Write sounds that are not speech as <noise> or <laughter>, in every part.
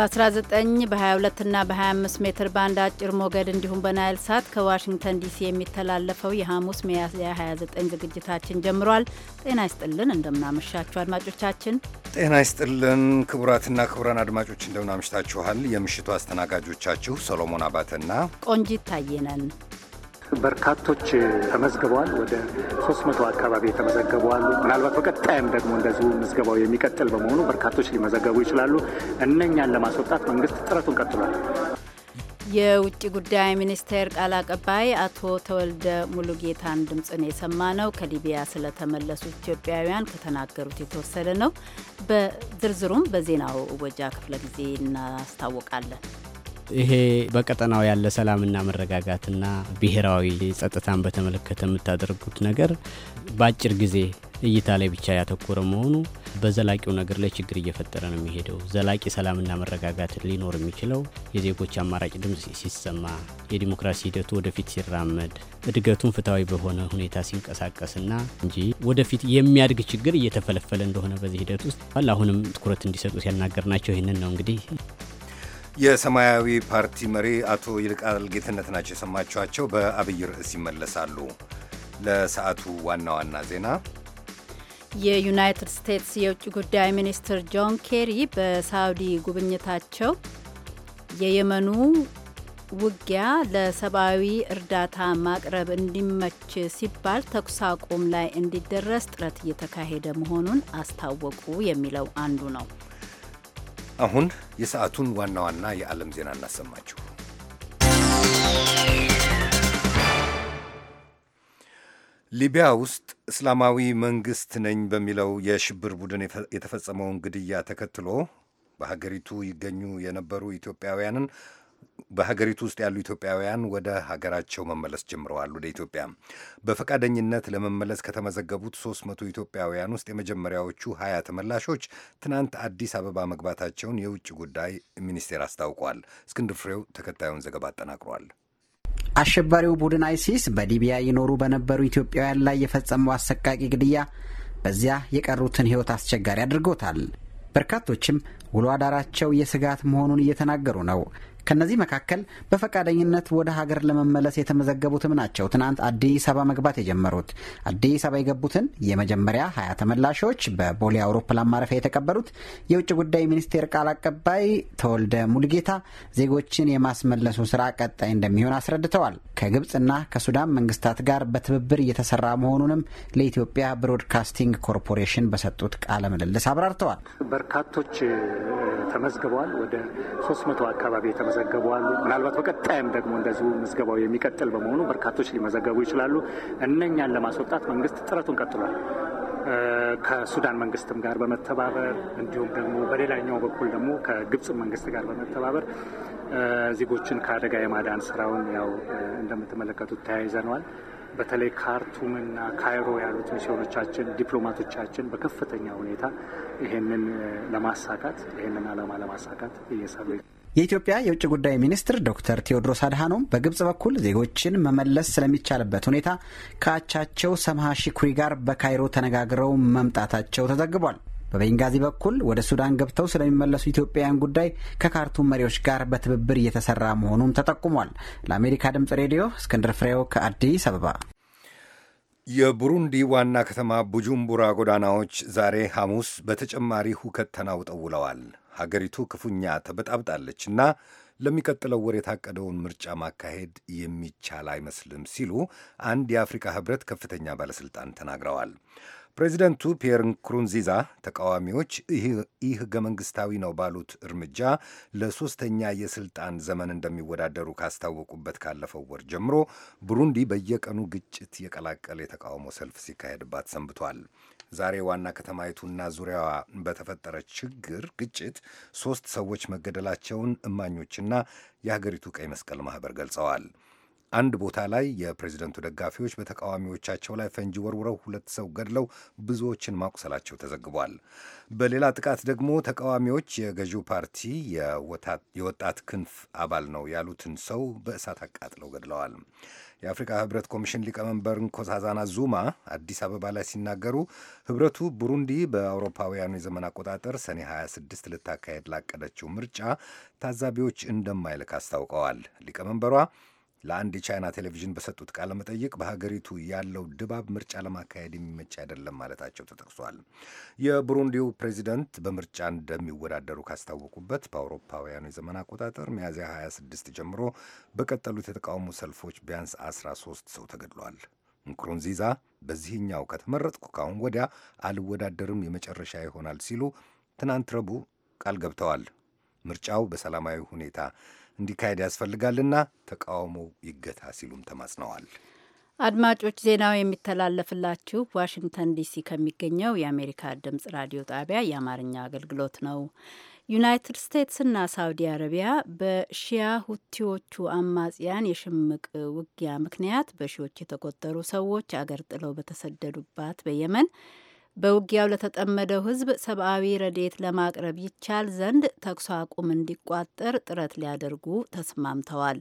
በ19 በ22 እና በ25 ሜትር ባንድ አጭር ሞገድ እንዲሁም በናይል ሳት ከዋሽንግተን ዲሲ የሚተላለፈው የሐሙስ ሚያዝያ 29 ዝግጅታችን ጀምሯል። ጤና ይስጥልን፣ እንደምናመሻችሁ አድማጮቻችን። ጤና ይስጥልን ክቡራትና ክቡራን አድማጮች እንደምናመሽታችኋል። የምሽቱ አስተናጋጆቻችሁ ሰሎሞን አባተና ቆንጂት ታየነን። በርካቶች ተመዝግበዋል። ወደ 300 አካባቢ የተመዘገቡ አሉ። ምናልባት በቀጣይም ደግሞ እንደዚሁ ምዝገባው የሚቀጥል በመሆኑ በርካቶች ሊመዘገቡ ይችላሉ። እነኛን ለማስወጣት መንግስት ጥረቱን ቀጥሏል። የውጭ ጉዳይ ሚኒስቴር ቃል አቀባይ አቶ ተወልደ ሙሉጌታን ድምፅን የሰማ ነው። ከሊቢያ ስለተመለሱ ኢትዮጵያውያን ከተናገሩት የተወሰደ ነው። በዝርዝሩም በዜናው እወጃ ክፍለ ጊዜ እናስታውቃለን። ይሄ በቀጠናው ያለ ሰላምና መረጋጋትና ብሔራዊ ጸጥታን በተመለከተ የምታደርጉት ነገር በአጭር ጊዜ እይታ ላይ ብቻ ያተኮረ መሆኑ በዘላቂው ነገር ላይ ችግር እየፈጠረ ነው የሚሄደው። ዘላቂ ሰላምና መረጋጋት ሊኖር የሚችለው የዜጎች አማራጭ ድምፅ ሲሰማ፣ የዲሞክራሲ ሂደቱ ወደፊት ሲራመድ፣ እድገቱን ፍትሐዊ በሆነ ሁኔታ ሲንቀሳቀስና እንጂ ወደፊት የሚያድግ ችግር እየተፈለፈለ እንደሆነ በዚህ ሂደት ውስጥ አሁንም ትኩረት እንዲሰጡ ሲያናገር ናቸው። ይህንን ነው እንግዲህ የሰማያዊ ፓርቲ መሪ አቶ ይልቃል ጌትነት ናቸው የሰማችኋቸው። በአብይ ርዕስ ይመለሳሉ። ለሰዓቱ ዋና ዋና ዜና የዩናይትድ ስቴትስ የውጭ ጉዳይ ሚኒስትር ጆን ኬሪ በሳውዲ ጉብኝታቸው የየመኑ ውጊያ ለሰብአዊ እርዳታ ማቅረብ እንዲመች ሲባል ተኩስ አቁም ላይ እንዲደረስ ጥረት እየተካሄደ መሆኑን አስታወቁ። የሚለው አንዱ ነው። አሁን የሰዓቱን ዋና ዋና የዓለም ዜና እናሰማችሁ። ሊቢያ ውስጥ እስላማዊ መንግሥት ነኝ በሚለው የሽብር ቡድን የተፈጸመውን ግድያ ተከትሎ በሀገሪቱ ይገኙ የነበሩ ኢትዮጵያውያንን በሀገሪቱ ውስጥ ያሉ ኢትዮጵያውያን ወደ ሀገራቸው መመለስ ጀምረዋል። ወደ ኢትዮጵያ በፈቃደኝነት ለመመለስ ከተመዘገቡት ሶስት መቶ ኢትዮጵያውያን ውስጥ የመጀመሪያዎቹ ሀያ ተመላሾች ትናንት አዲስ አበባ መግባታቸውን የውጭ ጉዳይ ሚኒስቴር አስታውቋል። እስክንድር ፍሬው ተከታዩን ዘገባ አጠናቅሯል። አሸባሪው ቡድን አይሲስ በሊቢያ ይኖሩ በነበሩ ኢትዮጵያውያን ላይ የፈጸመው አሰቃቂ ግድያ በዚያ የቀሩትን ሕይወት አስቸጋሪ አድርጎታል። በርካቶችም ውሎ አዳራቸው የስጋት መሆኑን እየተናገሩ ነው። ከእነዚህ መካከል በፈቃደኝነት ወደ ሀገር ለመመለስ የተመዘገቡትም ናቸው። ትናንት አዲስ አበባ መግባት የጀመሩት አዲስ አበባ የገቡትን የመጀመሪያ ሀያ ተመላሾች በቦሌ አውሮፕላን ማረፊያ የተቀበሉት የውጭ ጉዳይ ሚኒስቴር ቃል አቀባይ ተወልደ ሙልጌታ ዜጎችን የማስመለሱ ስራ ቀጣይ እንደሚሆን አስረድተዋል። ከግብፅና ከሱዳን መንግስታት ጋር በትብብር እየተሰራ መሆኑንም ለኢትዮጵያ ብሮድካስቲንግ ኮርፖሬሽን በሰጡት ቃለ ምልልስ አብራርተዋል። በርካቶች ተመዝግበዋል። ወደ 300 አካባቢ የተመዘገቡ አሉ። ምናልባት በቀጣይም ደግሞ እንደዚሁ ምዝገባው የሚቀጥል በመሆኑ በርካቶች ሊመዘገቡ ይችላሉ። እነኛን ለማስወጣት መንግስት ጥረቱን ቀጥሏል። ከሱዳን መንግስትም ጋር በመተባበር እንዲሁም ደግሞ በሌላኛው በኩል ደግሞ ከግብፅ መንግስት ጋር በመተባበር ዜጎችን ከአደጋ የማዳን ስራውን ያው እንደምትመለከቱት ተያይዘነዋል። በተለይ ካርቱምና ካይሮ ያሉት ሚስዮኖቻችን፣ ዲፕሎማቶቻችን በከፍተኛ ሁኔታ ይህንን ለማሳካት ይህንን አላማ ለማሳካት እየሰሩ የኢትዮጵያ የውጭ ጉዳይ ሚኒስትር ዶክተር ቴዎድሮስ አድሃኖም በግብጽ በኩል ዜጎችን መመለስ ስለሚቻልበት ሁኔታ ከአቻቸው ሰምሃ ሺኩሪ ጋር በካይሮ ተነጋግረው መምጣታቸው ተዘግቧል። በቤንጋዚ በኩል ወደ ሱዳን ገብተው ስለሚመለሱ ኢትዮጵያውያን ጉዳይ ከካርቱም መሪዎች ጋር በትብብር እየተሰራ መሆኑም ተጠቁሟል። ለአሜሪካ ድምጽ ሬዲዮ እስክንድር ፍሬው ከአዲስ አበባ። የቡሩንዲ ዋና ከተማ ቡጁምቡራ ጎዳናዎች ዛሬ ሐሙስ በተጨማሪ ሁከት ተናውጠው ውለዋል። ሀገሪቱ ክፉኛ ተበጣብጣለች እና ለሚቀጥለው ወር የታቀደውን ምርጫ ማካሄድ የሚቻል አይመስልም ሲሉ አንድ የአፍሪካ ህብረት ከፍተኛ ባለሥልጣን ተናግረዋል። ፕሬዚደንቱ ፒየር ንኩሩንዚዛ ተቃዋሚዎች ይህ ህገ ነው ባሉት እርምጃ ለሶስተኛ የስልጣን ዘመን እንደሚወዳደሩ ካስታወቁበት ካለፈው ወር ጀምሮ ብሩንዲ በየቀኑ ግጭት የቀላቀለ የተቃውሞ ሰልፍ ሲካሄድባት ሰንብቷል። ዛሬ ዋና ከተማይቱና ዙሪያዋ በተፈጠረ ችግር ግጭት ሦስት ሰዎች መገደላቸውን እማኞችና የሀገሪቱ ቀይ መስቀል ማኅበር ገልጸዋል። አንድ ቦታ ላይ የፕሬዚደንቱ ደጋፊዎች በተቃዋሚዎቻቸው ላይ ፈንጂ ወርውረው ሁለት ሰው ገድለው ብዙዎችን ማቁሰላቸው ተዘግቧል። በሌላ ጥቃት ደግሞ ተቃዋሚዎች የገዢው ፓርቲ የወጣት ክንፍ አባል ነው ያሉትን ሰው በእሳት አቃጥለው ገድለዋል። የአፍሪካ ህብረት ኮሚሽን ሊቀመንበር ንኮሳዛና ዙማ አዲስ አበባ ላይ ሲናገሩ ህብረቱ ቡሩንዲ በአውሮፓውያኑ የዘመን አቆጣጠር ሰኔ 26 ልታካሄድ ላቀደችው ምርጫ ታዛቢዎች እንደማይልክ አስታውቀዋል። ሊቀመንበሯ ለአንድ የቻይና ቴሌቪዥን በሰጡት ቃለ መጠይቅ በሀገሪቱ ያለው ድባብ ምርጫ ለማካሄድ የሚመች አይደለም ማለታቸው ተጠቅሷል። የቡሩንዲው ፕሬዚደንት በምርጫ እንደሚወዳደሩ ካስታወቁበት በአውሮፓውያኑ የዘመን አቆጣጠር ሚያዝያ 26 ጀምሮ በቀጠሉት የተቃውሞ ሰልፎች ቢያንስ 13 ሰው ተገድሏል። ንኩሩንዚዛ በዚህኛው ከተመረጥኩ ካሁን ወዲያ አልወዳደርም የመጨረሻ ይሆናል ሲሉ ትናንት ረቡዕ ቃል ገብተዋል። ምርጫው በሰላማዊ ሁኔታ እንዲካሄድ ያስፈልጋልና ተቃውሞ ይገታ ሲሉም ተማጽነዋል። አድማጮች ዜናው የሚተላለፍላችሁ ዋሽንግተን ዲሲ ከሚገኘው የአሜሪካ ድምጽ ራዲዮ ጣቢያ የአማርኛ አገልግሎት ነው። ዩናይትድ ስቴትስና ሳውዲ አረቢያ በሺያ ሁቲዎቹ አማጽያን የሽምቅ ውጊያ ምክንያት በሺዎች የተቆጠሩ ሰዎች አገር ጥለው በተሰደዱባት በየመን በውጊያው ለተጠመደው ህዝብ ሰብአዊ ረድኤት ለማቅረብ ይቻል ዘንድ ተኩስ አቁም እንዲቋጠር ጥረት ሊያደርጉ ተስማምተዋል።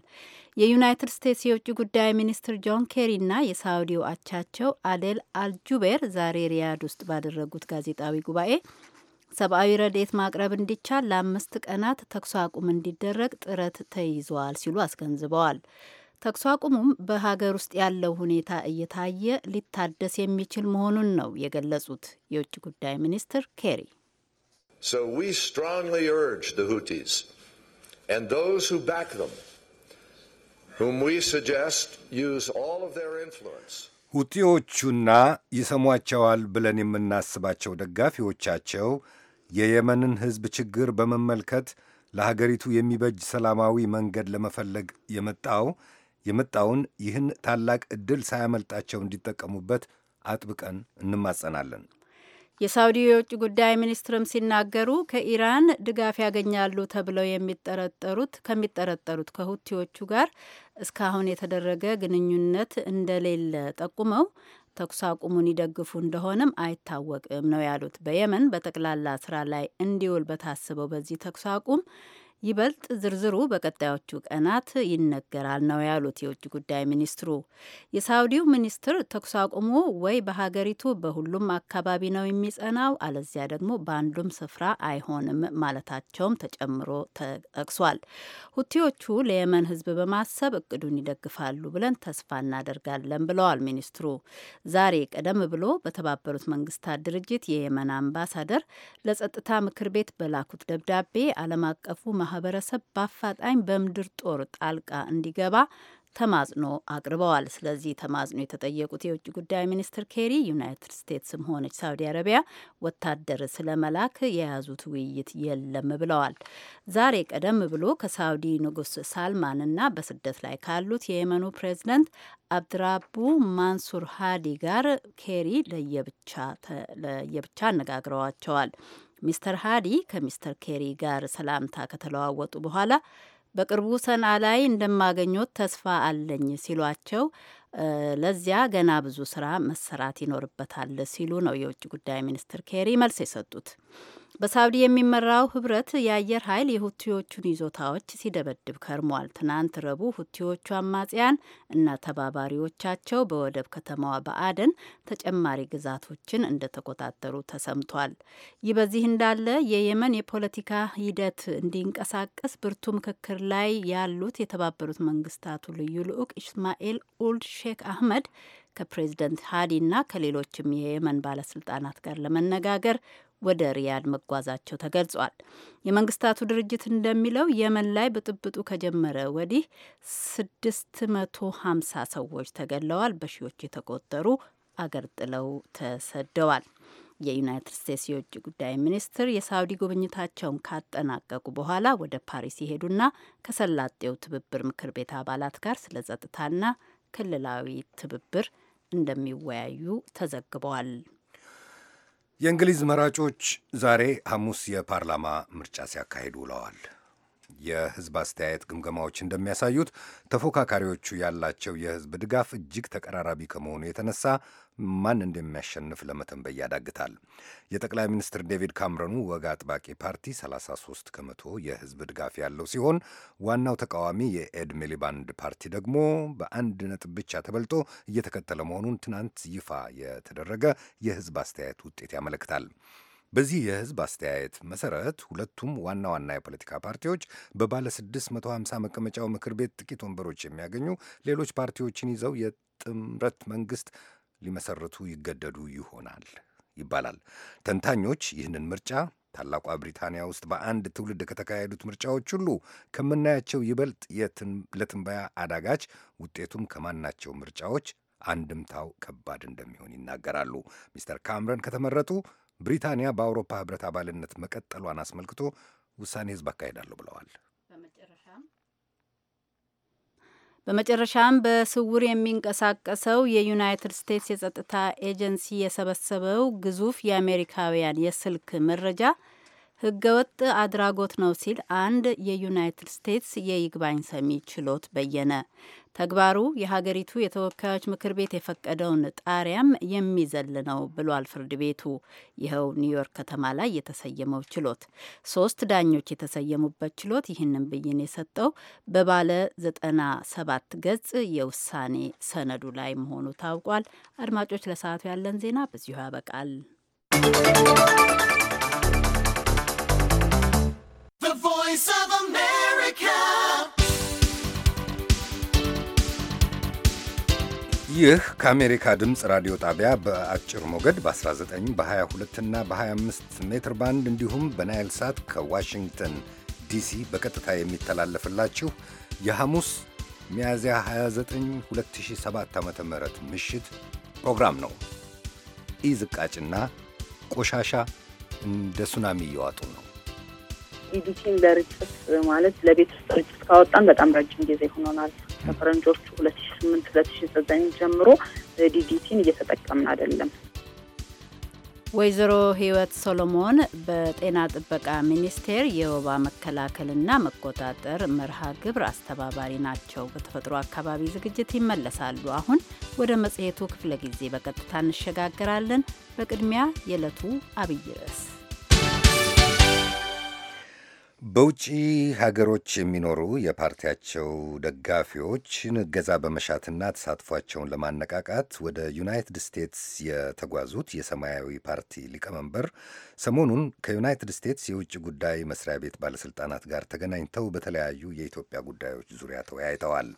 የዩናይትድ ስቴትስ የውጭ ጉዳይ ሚኒስትር ጆን ኬሪና የሳውዲው አቻቸው አዴል አልጁቤር ዛሬ ሪያድ ውስጥ ባደረጉት ጋዜጣዊ ጉባኤ ሰብአዊ ረድኤት ማቅረብ እንዲቻል ለአምስት ቀናት ተኩስ አቁም እንዲደረግ ጥረት ተይዟል ሲሉ አስገንዝበዋል። ተኩስ አቁሙም በሀገር ውስጥ ያለው ሁኔታ እየታየ ሊታደስ የሚችል መሆኑን ነው የገለጹት የውጭ ጉዳይ ሚኒስትር ኬሪ። ሁቲዎቹና ይሰሟቸዋል ብለን የምናስባቸው ደጋፊዎቻቸው የየመንን ሕዝብ ችግር በመመልከት ለሀገሪቱ የሚበጅ ሰላማዊ መንገድ ለመፈለግ የመጣው የመጣውን ይህን ታላቅ ዕድል ሳያመልጣቸው እንዲጠቀሙበት አጥብቀን እንማጸናለን። የሳውዲ የውጭ ጉዳይ ሚኒስትርም ሲናገሩ ከኢራን ድጋፍ ያገኛሉ ተብለው የሚጠረጠሩት ከሚጠረጠሩት ከሁቲዎቹ ጋር እስካሁን የተደረገ ግንኙነት እንደሌለ ጠቁመው ተኩስ አቁሙን ይደግፉ እንደሆነም አይታወቅም ነው ያሉት። በየመን በጠቅላላ ስራ ላይ እንዲውል በታስበው በዚህ ተኩስ አቁም ይበልጥ ዝርዝሩ በቀጣዮቹ ቀናት ይነገራል ነው ያሉት የውጭ ጉዳይ ሚኒስትሩ። የሳውዲው ሚኒስትር ተኩስ አቁሙ ወይ በሀገሪቱ በሁሉም አካባቢ ነው የሚጸናው፣ አለዚያ ደግሞ በአንዱም ስፍራ አይሆንም ማለታቸውም ተጨምሮ ተጠቅሷል። ሁቲዎቹ ለየመን ሕዝብ በማሰብ እቅዱን ይደግፋሉ ብለን ተስፋ እናደርጋለን ብለዋል ሚኒስትሩ። ዛሬ ቀደም ብሎ በተባበሩት መንግስታት ድርጅት የየመን አምባሳደር ለጸጥታ ምክር ቤት በላኩት ደብዳቤ ዓለም አቀፉ ማህበረሰብ በአፋጣኝ በምድር ጦር ጣልቃ እንዲገባ ተማጽኖ አቅርበዋል። ስለዚህ ተማጽኖ የተጠየቁት የውጭ ጉዳይ ሚኒስትር ኬሪ ዩናይትድ ስቴትስም ሆነች ሳውዲ አረቢያ ወታደር ስለመላክ የያዙት ውይይት የለም ብለዋል። ዛሬ ቀደም ብሎ ከሳውዲ ንጉሥ ሳልማንና በስደት ላይ ካሉት የየመኑ ፕሬዚደንት አብድራቡ ማንሱር ሃዲ ጋር ኬሪ ለየብቻ ለየብቻ አነጋግረዋቸዋል። ሚስተር ሃዲ ከሚስተር ኬሪ ጋር ሰላምታ ከተለዋወጡ በኋላ በቅርቡ ሰና ላይ እንደማገኙት ተስፋ አለኝ ሲሏቸው ለዚያ ገና ብዙ ስራ መሰራት ይኖርበታል ሲሉ ነው የውጭ ጉዳይ ሚኒስትር ኬሪ መልስ የሰጡት። በሳውዲ የሚመራው ህብረት የአየር ኃይል የሁቲዎቹን ይዞታዎች ሲደበድብ ከርሟል። ትናንት ረቡዕ ሁቲዎቹ አማጽያን እና ተባባሪዎቻቸው በወደብ ከተማዋ በአደን ተጨማሪ ግዛቶችን እንደተቆጣጠሩ ተሰምቷል። ይህ በዚህ እንዳለ የየመን የፖለቲካ ሂደት እንዲንቀሳቀስ ብርቱ ምክክር ላይ ያሉት የተባበሩት መንግስታቱ ልዩ ልዑክ ኢስማኤል ኡልድ ሼክ አህመድ ከፕሬዚደንት እና ከሌሎችም የየመን ባለስልጣናት ጋር ለመነጋገር ወደ ሪያድ መጓዛቸው ተገልጿል። የመንግስታቱ ድርጅት እንደሚለው የመን ላይ ብጥብጡ ከጀመረ ወዲህ 650 ሰዎች ተገድለዋል፣ በሺዎች የተቆጠሩ አገር ጥለው ተሰደዋል። የዩናይትድ ስቴትስ የውጭ ጉዳይ ሚኒስትር የሳውዲ ጉብኝታቸውን ካጠናቀቁ በኋላ ወደ ፓሪስ የሄዱና ከሰላጤው ትብብር ምክር ቤት አባላት ጋር ስለ ጸጥታና ክልላዊ ትብብር እንደሚወያዩ ተዘግበዋል። የእንግሊዝ መራጮች ዛሬ ሐሙስ የፓርላማ ምርጫ ሲያካሂዱ ውለዋል። የህዝብ አስተያየት ግምገማዎች እንደሚያሳዩት ተፎካካሪዎቹ ያላቸው የህዝብ ድጋፍ እጅግ ተቀራራቢ ከመሆኑ የተነሳ ማን እንደሚያሸንፍ ለመተንበይ ያዳግታል። የጠቅላይ ሚኒስትር ዴቪድ ካምረኑ ወግ አጥባቂ ፓርቲ 33 ከመቶ የህዝብ ድጋፍ ያለው ሲሆን ዋናው ተቃዋሚ የኤድ ሚሊባንድ ፓርቲ ደግሞ በአንድ ነጥብ ብቻ ተበልጦ እየተከተለ መሆኑን ትናንት ይፋ የተደረገ የህዝብ አስተያየት ውጤት ያመለክታል። በዚህ የህዝብ አስተያየት መሰረት ሁለቱም ዋና ዋና የፖለቲካ ፓርቲዎች በባለ 650 መቀመጫው ምክር ቤት ጥቂት ወንበሮች የሚያገኙ ሌሎች ፓርቲዎችን ይዘው የጥምረት መንግስት ሊመሰርቱ ይገደዱ ይሆናል ይባላል። ተንታኞች ይህንን ምርጫ ታላቋ ብሪታንያ ውስጥ በአንድ ትውልድ ከተካሄዱት ምርጫዎች ሁሉ ከምናያቸው ይበልጥ ለትንበያ አዳጋች፣ ውጤቱም ከማናቸው ምርጫዎች አንድምታው ከባድ እንደሚሆን ይናገራሉ። ሚስተር ካምረን ከተመረጡ ብሪታንያ በአውሮፓ ህብረት አባልነት መቀጠሏን አስመልክቶ ውሳኔ ህዝብ አካሄዳለሁ ብለዋል። በመጨረሻም በስውር የሚንቀሳቀሰው የዩናይትድ ስቴትስ የጸጥታ ኤጀንሲ የሰበሰበው ግዙፍ የአሜሪካውያን የስልክ መረጃ ህገወጥ አድራጎት ነው ሲል አንድ የዩናይትድ ስቴትስ የይግባኝ ሰሚ ችሎት በየነ። ተግባሩ የሀገሪቱ የተወካዮች ምክር ቤት የፈቀደውን ጣሪያም የሚዘል ነው ብሏል ፍርድ ቤቱ። ይኸው ኒውዮርክ ከተማ ላይ የተሰየመው ችሎት ሶስት ዳኞች የተሰየሙበት ችሎት ይህንን ብይን የሰጠው በባለ ዘጠና ሰባት ገጽ የውሳኔ ሰነዱ ላይ መሆኑ ታውቋል። አድማጮች፣ ለሰዓቱ ያለን ዜና በዚሁ ያበቃል። The voice of America. ይህ ከአሜሪካ ድምፅ ራዲዮ ጣቢያ በአጭር ሞገድ በ19 በ22 እና በ25 ሜትር ባንድ እንዲሁም በናይል ሳት ከዋሽንግተን ዲሲ በቀጥታ የሚተላለፍላችሁ የሐሙስ ሚያዝያ 29 2007 ዓ.ም ምሽት ፕሮግራም ነው። ኢ ዝቃጭና ቆሻሻ እንደ ሱናሚ እየዋጡ ነው። ኢዲቲን ለርጭት ማለት ለቤት ውስጥ ርጭት ካወጣን በጣም ረጅም ጊዜ ሆኖናል። ከፈረንጆቹ ሁለት ሺ ስምንት ሁለት ሺ ዘጠኝ ጀምሮ ዲዲቲን እየተጠቀምን አይደለም። ወይዘሮ ህይወት ሶሎሞን በጤና ጥበቃ ሚኒስቴር የወባ መከላከልና መቆጣጠር መርሃ ግብር አስተባባሪ ናቸው። በተፈጥሮ አካባቢ ዝግጅት ይመለሳሉ። አሁን ወደ መጽሔቱ ክፍለ ጊዜ በቀጥታ እንሸጋግራለን። በቅድሚያ የዕለቱ አብይ ርዕስ በውጭ ሀገሮች የሚኖሩ የፓርቲያቸው ደጋፊዎችን እገዛ በመሻትና ተሳትፏቸውን ለማነቃቃት ወደ ዩናይትድ ስቴትስ የተጓዙት የሰማያዊ ፓርቲ ሊቀመንበር ሰሞኑን ከዩናይትድ ስቴትስ የውጭ ጉዳይ መስሪያ ቤት ባለስልጣናት ጋር ተገናኝተው በተለያዩ የኢትዮጵያ ጉዳዮች ዙሪያ ተወያይተዋል።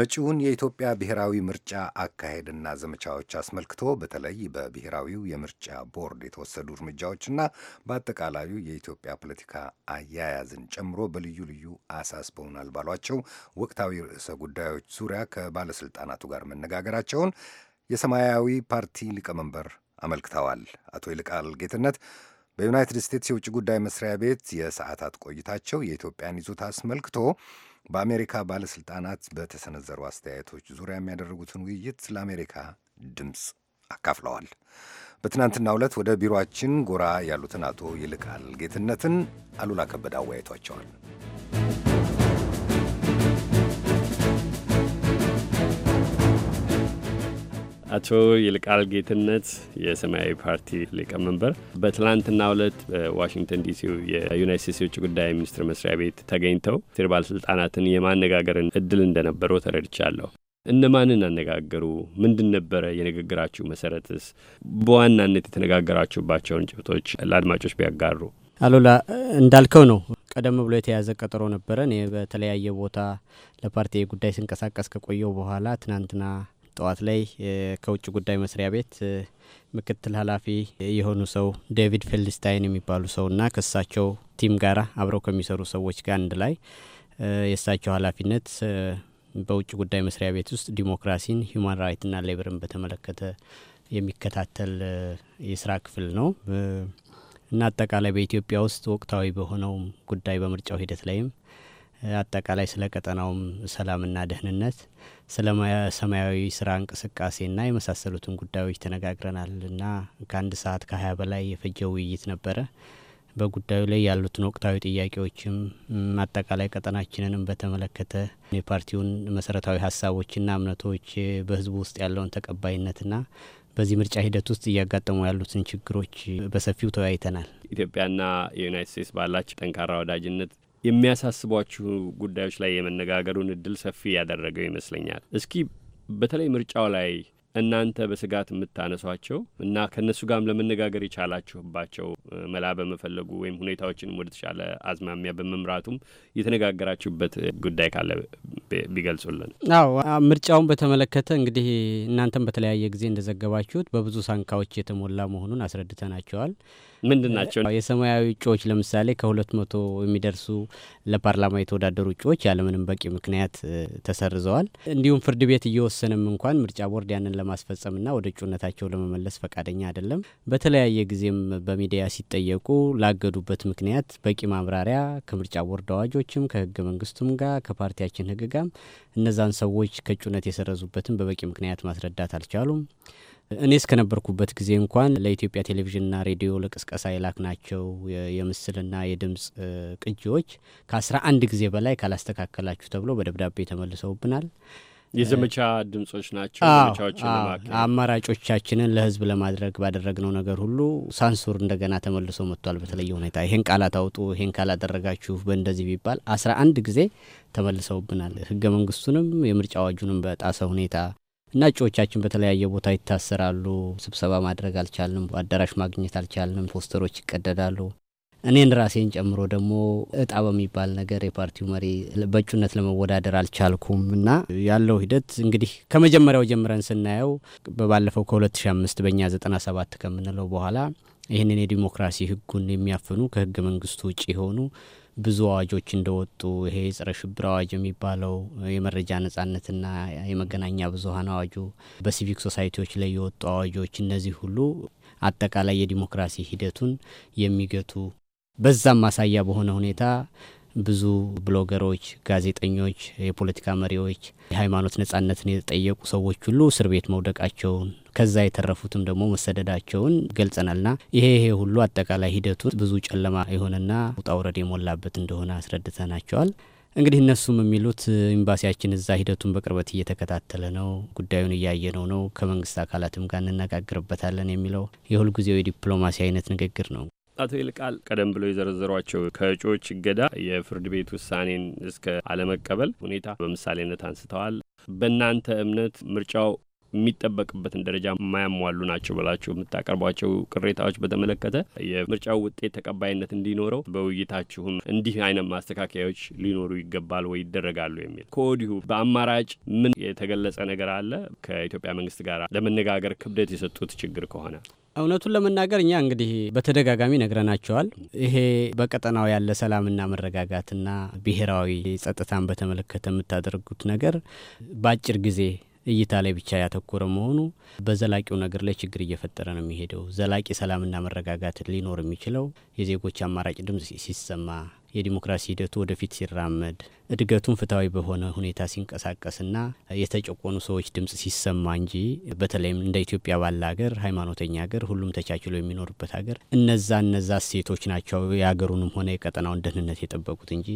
መጪውን የኢትዮጵያ ብሔራዊ ምርጫ አካሄድና ዘመቻዎች አስመልክቶ በተለይ በብሔራዊው የምርጫ ቦርድ የተወሰዱ እርምጃዎችና በአጠቃላዩ የኢትዮጵያ ፖለቲካ አያያዝን ጨምሮ በልዩ ልዩ አሳስበውናል ባሏቸው ወቅታዊ ርዕሰ ጉዳዮች ዙሪያ ከባለስልጣናቱ ጋር መነጋገራቸውን የሰማያዊ ፓርቲ ሊቀመንበር አመልክተዋል። አቶ ይልቃል ጌትነት በዩናይትድ ስቴትስ የውጭ ጉዳይ መስሪያ ቤት የሰዓታት ቆይታቸው የኢትዮጵያን ይዞታ አስመልክቶ በአሜሪካ ባለሥልጣናት በተሰነዘሩ አስተያየቶች ዙሪያ የሚያደረጉትን ውይይት ለአሜሪካ ድምፅ አካፍለዋል። በትናንትናው ዕለት ወደ ቢሮአችን ጎራ ያሉትን አቶ ይልቃል ጌትነትን አሉላ ከበደ አወያይቷቸዋል። አቶ ይልቃል ጌትነት የሰማያዊ ፓርቲ ሊቀመንበር በትላንትና ዕለት በዋሽንግተን ዲሲ የዩናይት ስቴትስ የውጭ ጉዳይ ሚኒስትር መስሪያ ቤት ተገኝተው ሴር ባለስልጣናትን የማነጋገርን እድል እንደነበረው ተረድቻለሁ። እነማንን አነጋገሩ? ምንድን ነበረ የንግግራችሁ መሰረትስ? በዋናነት የተነጋገራችሁባቸውን ጭብጦች ለአድማጮች ቢያጋሩ። አሉላ እንዳልከው ነው። ቀደም ብሎ የተያዘ ቀጠሮ ነበረ። እኔ በተለያየ ቦታ ለፓርቲ ጉዳይ ስንቀሳቀስ ከቆየው በኋላ ትናንትና ጠዋት ላይ ከውጭ ጉዳይ መስሪያ ቤት ምክትል ኃላፊ የሆኑ ሰው ዴቪድ ፌልድስታይን የሚባሉ ሰውና ከሳቸው ቲም ጋራ አብረው ከሚሰሩ ሰዎች ጋር አንድ ላይ የእሳቸው ኃላፊነት በውጭ ጉዳይ መስሪያ ቤት ውስጥ ዲሞክራሲን፣ ራይት ና ሌብርን በተመለከተ የሚከታተል የስራ ክፍል ነው እና አጠቃላይ በኢትዮጵያ ውስጥ ወቅታዊ በሆነው ጉዳይ በምርጫው ሂደት ላይም አጠቃላይ ስለ ቀጠናውም ሰላምና ደህንነት፣ ስለ ሰማያዊ ስራ እንቅስቃሴና የመሳሰሉትን ጉዳዮች ተነጋግረናል እና ከአንድ ሰዓት ከሀያ በላይ የፈጀ ውይይት ነበረ። በጉዳዩ ላይ ያሉትን ወቅታዊ ጥያቄዎችም አጠቃላይ ቀጠናችንንም በተመለከተ የፓርቲውን መሰረታዊ ሀሳቦችና እምነቶች በህዝቡ ውስጥ ያለውን ተቀባይነትና በዚህ ምርጫ ሂደት ውስጥ እያጋጠሙ ያሉትን ችግሮች በሰፊው ተወያይተናል። ኢትዮጵያና የዩናይት ስቴትስ ባላቸው ጠንካራ ወዳጅነት የሚያሳስቧችሁ ጉዳዮች ላይ የመነጋገሩን እድል ሰፊ ያደረገው ይመስለኛል። እስኪ በተለይ ምርጫው ላይ እናንተ በስጋት የምታነሷቸው እና ከእነሱ ጋርም ለመነጋገር የቻላችሁባቸው መላ በመፈለጉ ወይም ሁኔታዎችን ወደ ተሻለ አዝማሚያ በመምራቱም የተነጋገራችሁበት ጉዳይ ካለ ቢገልጹልን። አዎ ምርጫውን በተመለከተ እንግዲህ እናንተም በተለያየ ጊዜ እንደዘገባችሁት በብዙ ሳንካዎች የተሞላ መሆኑን አስረድተናቸዋል። ምንድን ናቸው? የሰማያዊ እጩዎች ለምሳሌ ከሁለት መቶ የሚደርሱ ለፓርላማ የተወዳደሩ እጩዎች ያለምንም በቂ ምክንያት ተሰርዘዋል። እንዲሁም ፍርድ ቤት እየወሰንም እንኳን ምርጫ ቦርድ ያንን ለማስፈጸምና ወደ እጩነታቸው ለመመለስ ፈቃደኛ አይደለም። በተለያየ ጊዜም በሚዲያ ሲጠየቁ ላገዱበት ምክንያት በቂ ማብራሪያ ከምርጫ ቦርድ አዋጆችም ከህገ መንግስቱም ጋር ከፓርቲያችን ህግ ጋር እነዛን ሰዎች ከእጩነት የሰረዙበትን በበቂ ምክንያት ማስረዳት አልቻሉም። እኔ እስከነበርኩበት ጊዜ እንኳን ለኢትዮጵያ ቴሌቪዥንና ሬዲዮ ለቅስቀሳ የላክናቸው የምስልና የድምፅ ቅጂዎች ከአስራ አንድ ጊዜ በላይ ካላስተካከላችሁ ተብሎ በደብዳቤ ተመልሰውብናል። የዘመቻ ድምጾች ናቸው። አማራጮቻችንን ለህዝብ ለማድረግ ባደረግነው ነገር ሁሉ ሳንሱር እንደገና ተመልሶ መጥቷል። በተለየ ሁኔታ ይሄን ቃላት አውጡ፣ ይሄን ካላደረጋችሁ በእንደዚህ ቢባል አስራ አንድ ጊዜ ተመልሰውብናል። ህገ መንግስቱንም የምርጫ አዋጁንም በጣሰ ሁኔታ እና እጩዎቻችን በተለያየ ቦታ ይታሰራሉ። ስብሰባ ማድረግ አልቻልንም፣ አዳራሽ ማግኘት አልቻልንም፣ ፖስተሮች ይቀደዳሉ። እኔን ራሴን ጨምሮ ደግሞ እጣ በሚባል ነገር የፓርቲው መሪ በእጩነት ለመወዳደር አልቻልኩም እና ያለው ሂደት እንግዲህ ከመጀመሪያው ጀምረን ስናየው ባለፈው ከ2005 በእኛ 97 ከምንለው በኋላ ይህንን የዲሞክራሲ ህጉን የሚያፍኑ ከህገ መንግስቱ ውጭ የሆኑ ብዙ አዋጆች እንደወጡ ይሄ የጸረ ሽብር አዋጅ የሚባለው የመረጃ ነጻነትና የመገናኛ ብዙሀን አዋጁ፣ በሲቪክ ሶሳይቲዎች ላይ የወጡ አዋጆች፣ እነዚህ ሁሉ አጠቃላይ የዲሞክራሲ ሂደቱን የሚገቱ በዛም ማሳያ በሆነ ሁኔታ ብዙ ብሎገሮች፣ ጋዜጠኞች፣ የፖለቲካ መሪዎች፣ የሃይማኖት ነጻነትን የጠየቁ ሰዎች ሁሉ እስር ቤት መውደቃቸውን ከዛ የተረፉትም ደግሞ መሰደዳቸውን ገልጸናልና ይሄ ይሄ ሁሉ አጠቃላይ ሂደቱ ብዙ ጨለማ የሆነና ውጣ ውረድ የሞላበት እንደሆነ አስረድተናቸዋል። እንግዲህ እነሱም የሚሉት ኤምባሲያችን እዛ ሂደቱን በቅርበት እየተከታተለ ነው፣ ጉዳዩን እያየነው ነው፣ ከመንግስት አካላትም ጋር እንነጋግርበታለን የሚለው የሁልጊዜው የዲፕሎማሲ አይነት ንግግር ነው። አቶ ይልቃል ቀደም ብሎ የዘረዘሯቸው ከእጩዎች እገዳ፣ የፍርድ ቤት ውሳኔን እስከ አለመቀበል ሁኔታ በምሳሌነት አንስተዋል። በእናንተ እምነት ምርጫው የሚጠበቅበትን ደረጃ የማያሟሉ ናቸው ብላችሁ የምታቀርቧቸው ቅሬታዎች በተመለከተ የምርጫው ውጤት ተቀባይነት እንዲኖረው በውይይታችሁም እንዲህ አይነት ማስተካከያዎች ሊኖሩ ይገባል ወይ ይደረጋሉ የሚል ከወዲሁ በአማራጭ ምን የተገለጸ ነገር አለ? ከኢትዮጵያ መንግስት ጋር ለመነጋገር ክብደት የሰጡት ችግር ከሆነ እውነቱን ለመናገር እኛ እንግዲህ በተደጋጋሚ ነግረናቸዋል። ይሄ በቀጠናው ያለ ሰላምና መረጋጋትና ብሔራዊ ጸጥታን በተመለከተ የምታደርጉት ነገር በአጭር ጊዜ እይታ ላይ ብቻ ያተኮረ መሆኑ በዘላቂው ነገር ላይ ችግር እየፈጠረ ነው የሚሄደው። ዘላቂ ሰላምና መረጋጋት ሊኖር የሚችለው የዜጎች አማራጭ ድምጽ ሲሰማ የዲሞክራሲ ሂደቱ ወደፊት ሲራመድ እድገቱን ፍትሐዊ በሆነ ሁኔታ ሲንቀሳቀስና የተጨቆኑ ሰዎች ድምጽ ሲሰማ እንጂ በተለይም እንደ ኢትዮጵያ ባለ ሀገር ሃይማኖተኛ ሀገር ሁሉም ተቻችሎ የሚኖርበት ሀገር እነዛ እነዛ ሴቶች ናቸው የሀገሩንም ሆነ የቀጠናውን ደህንነት የጠበቁት እንጂ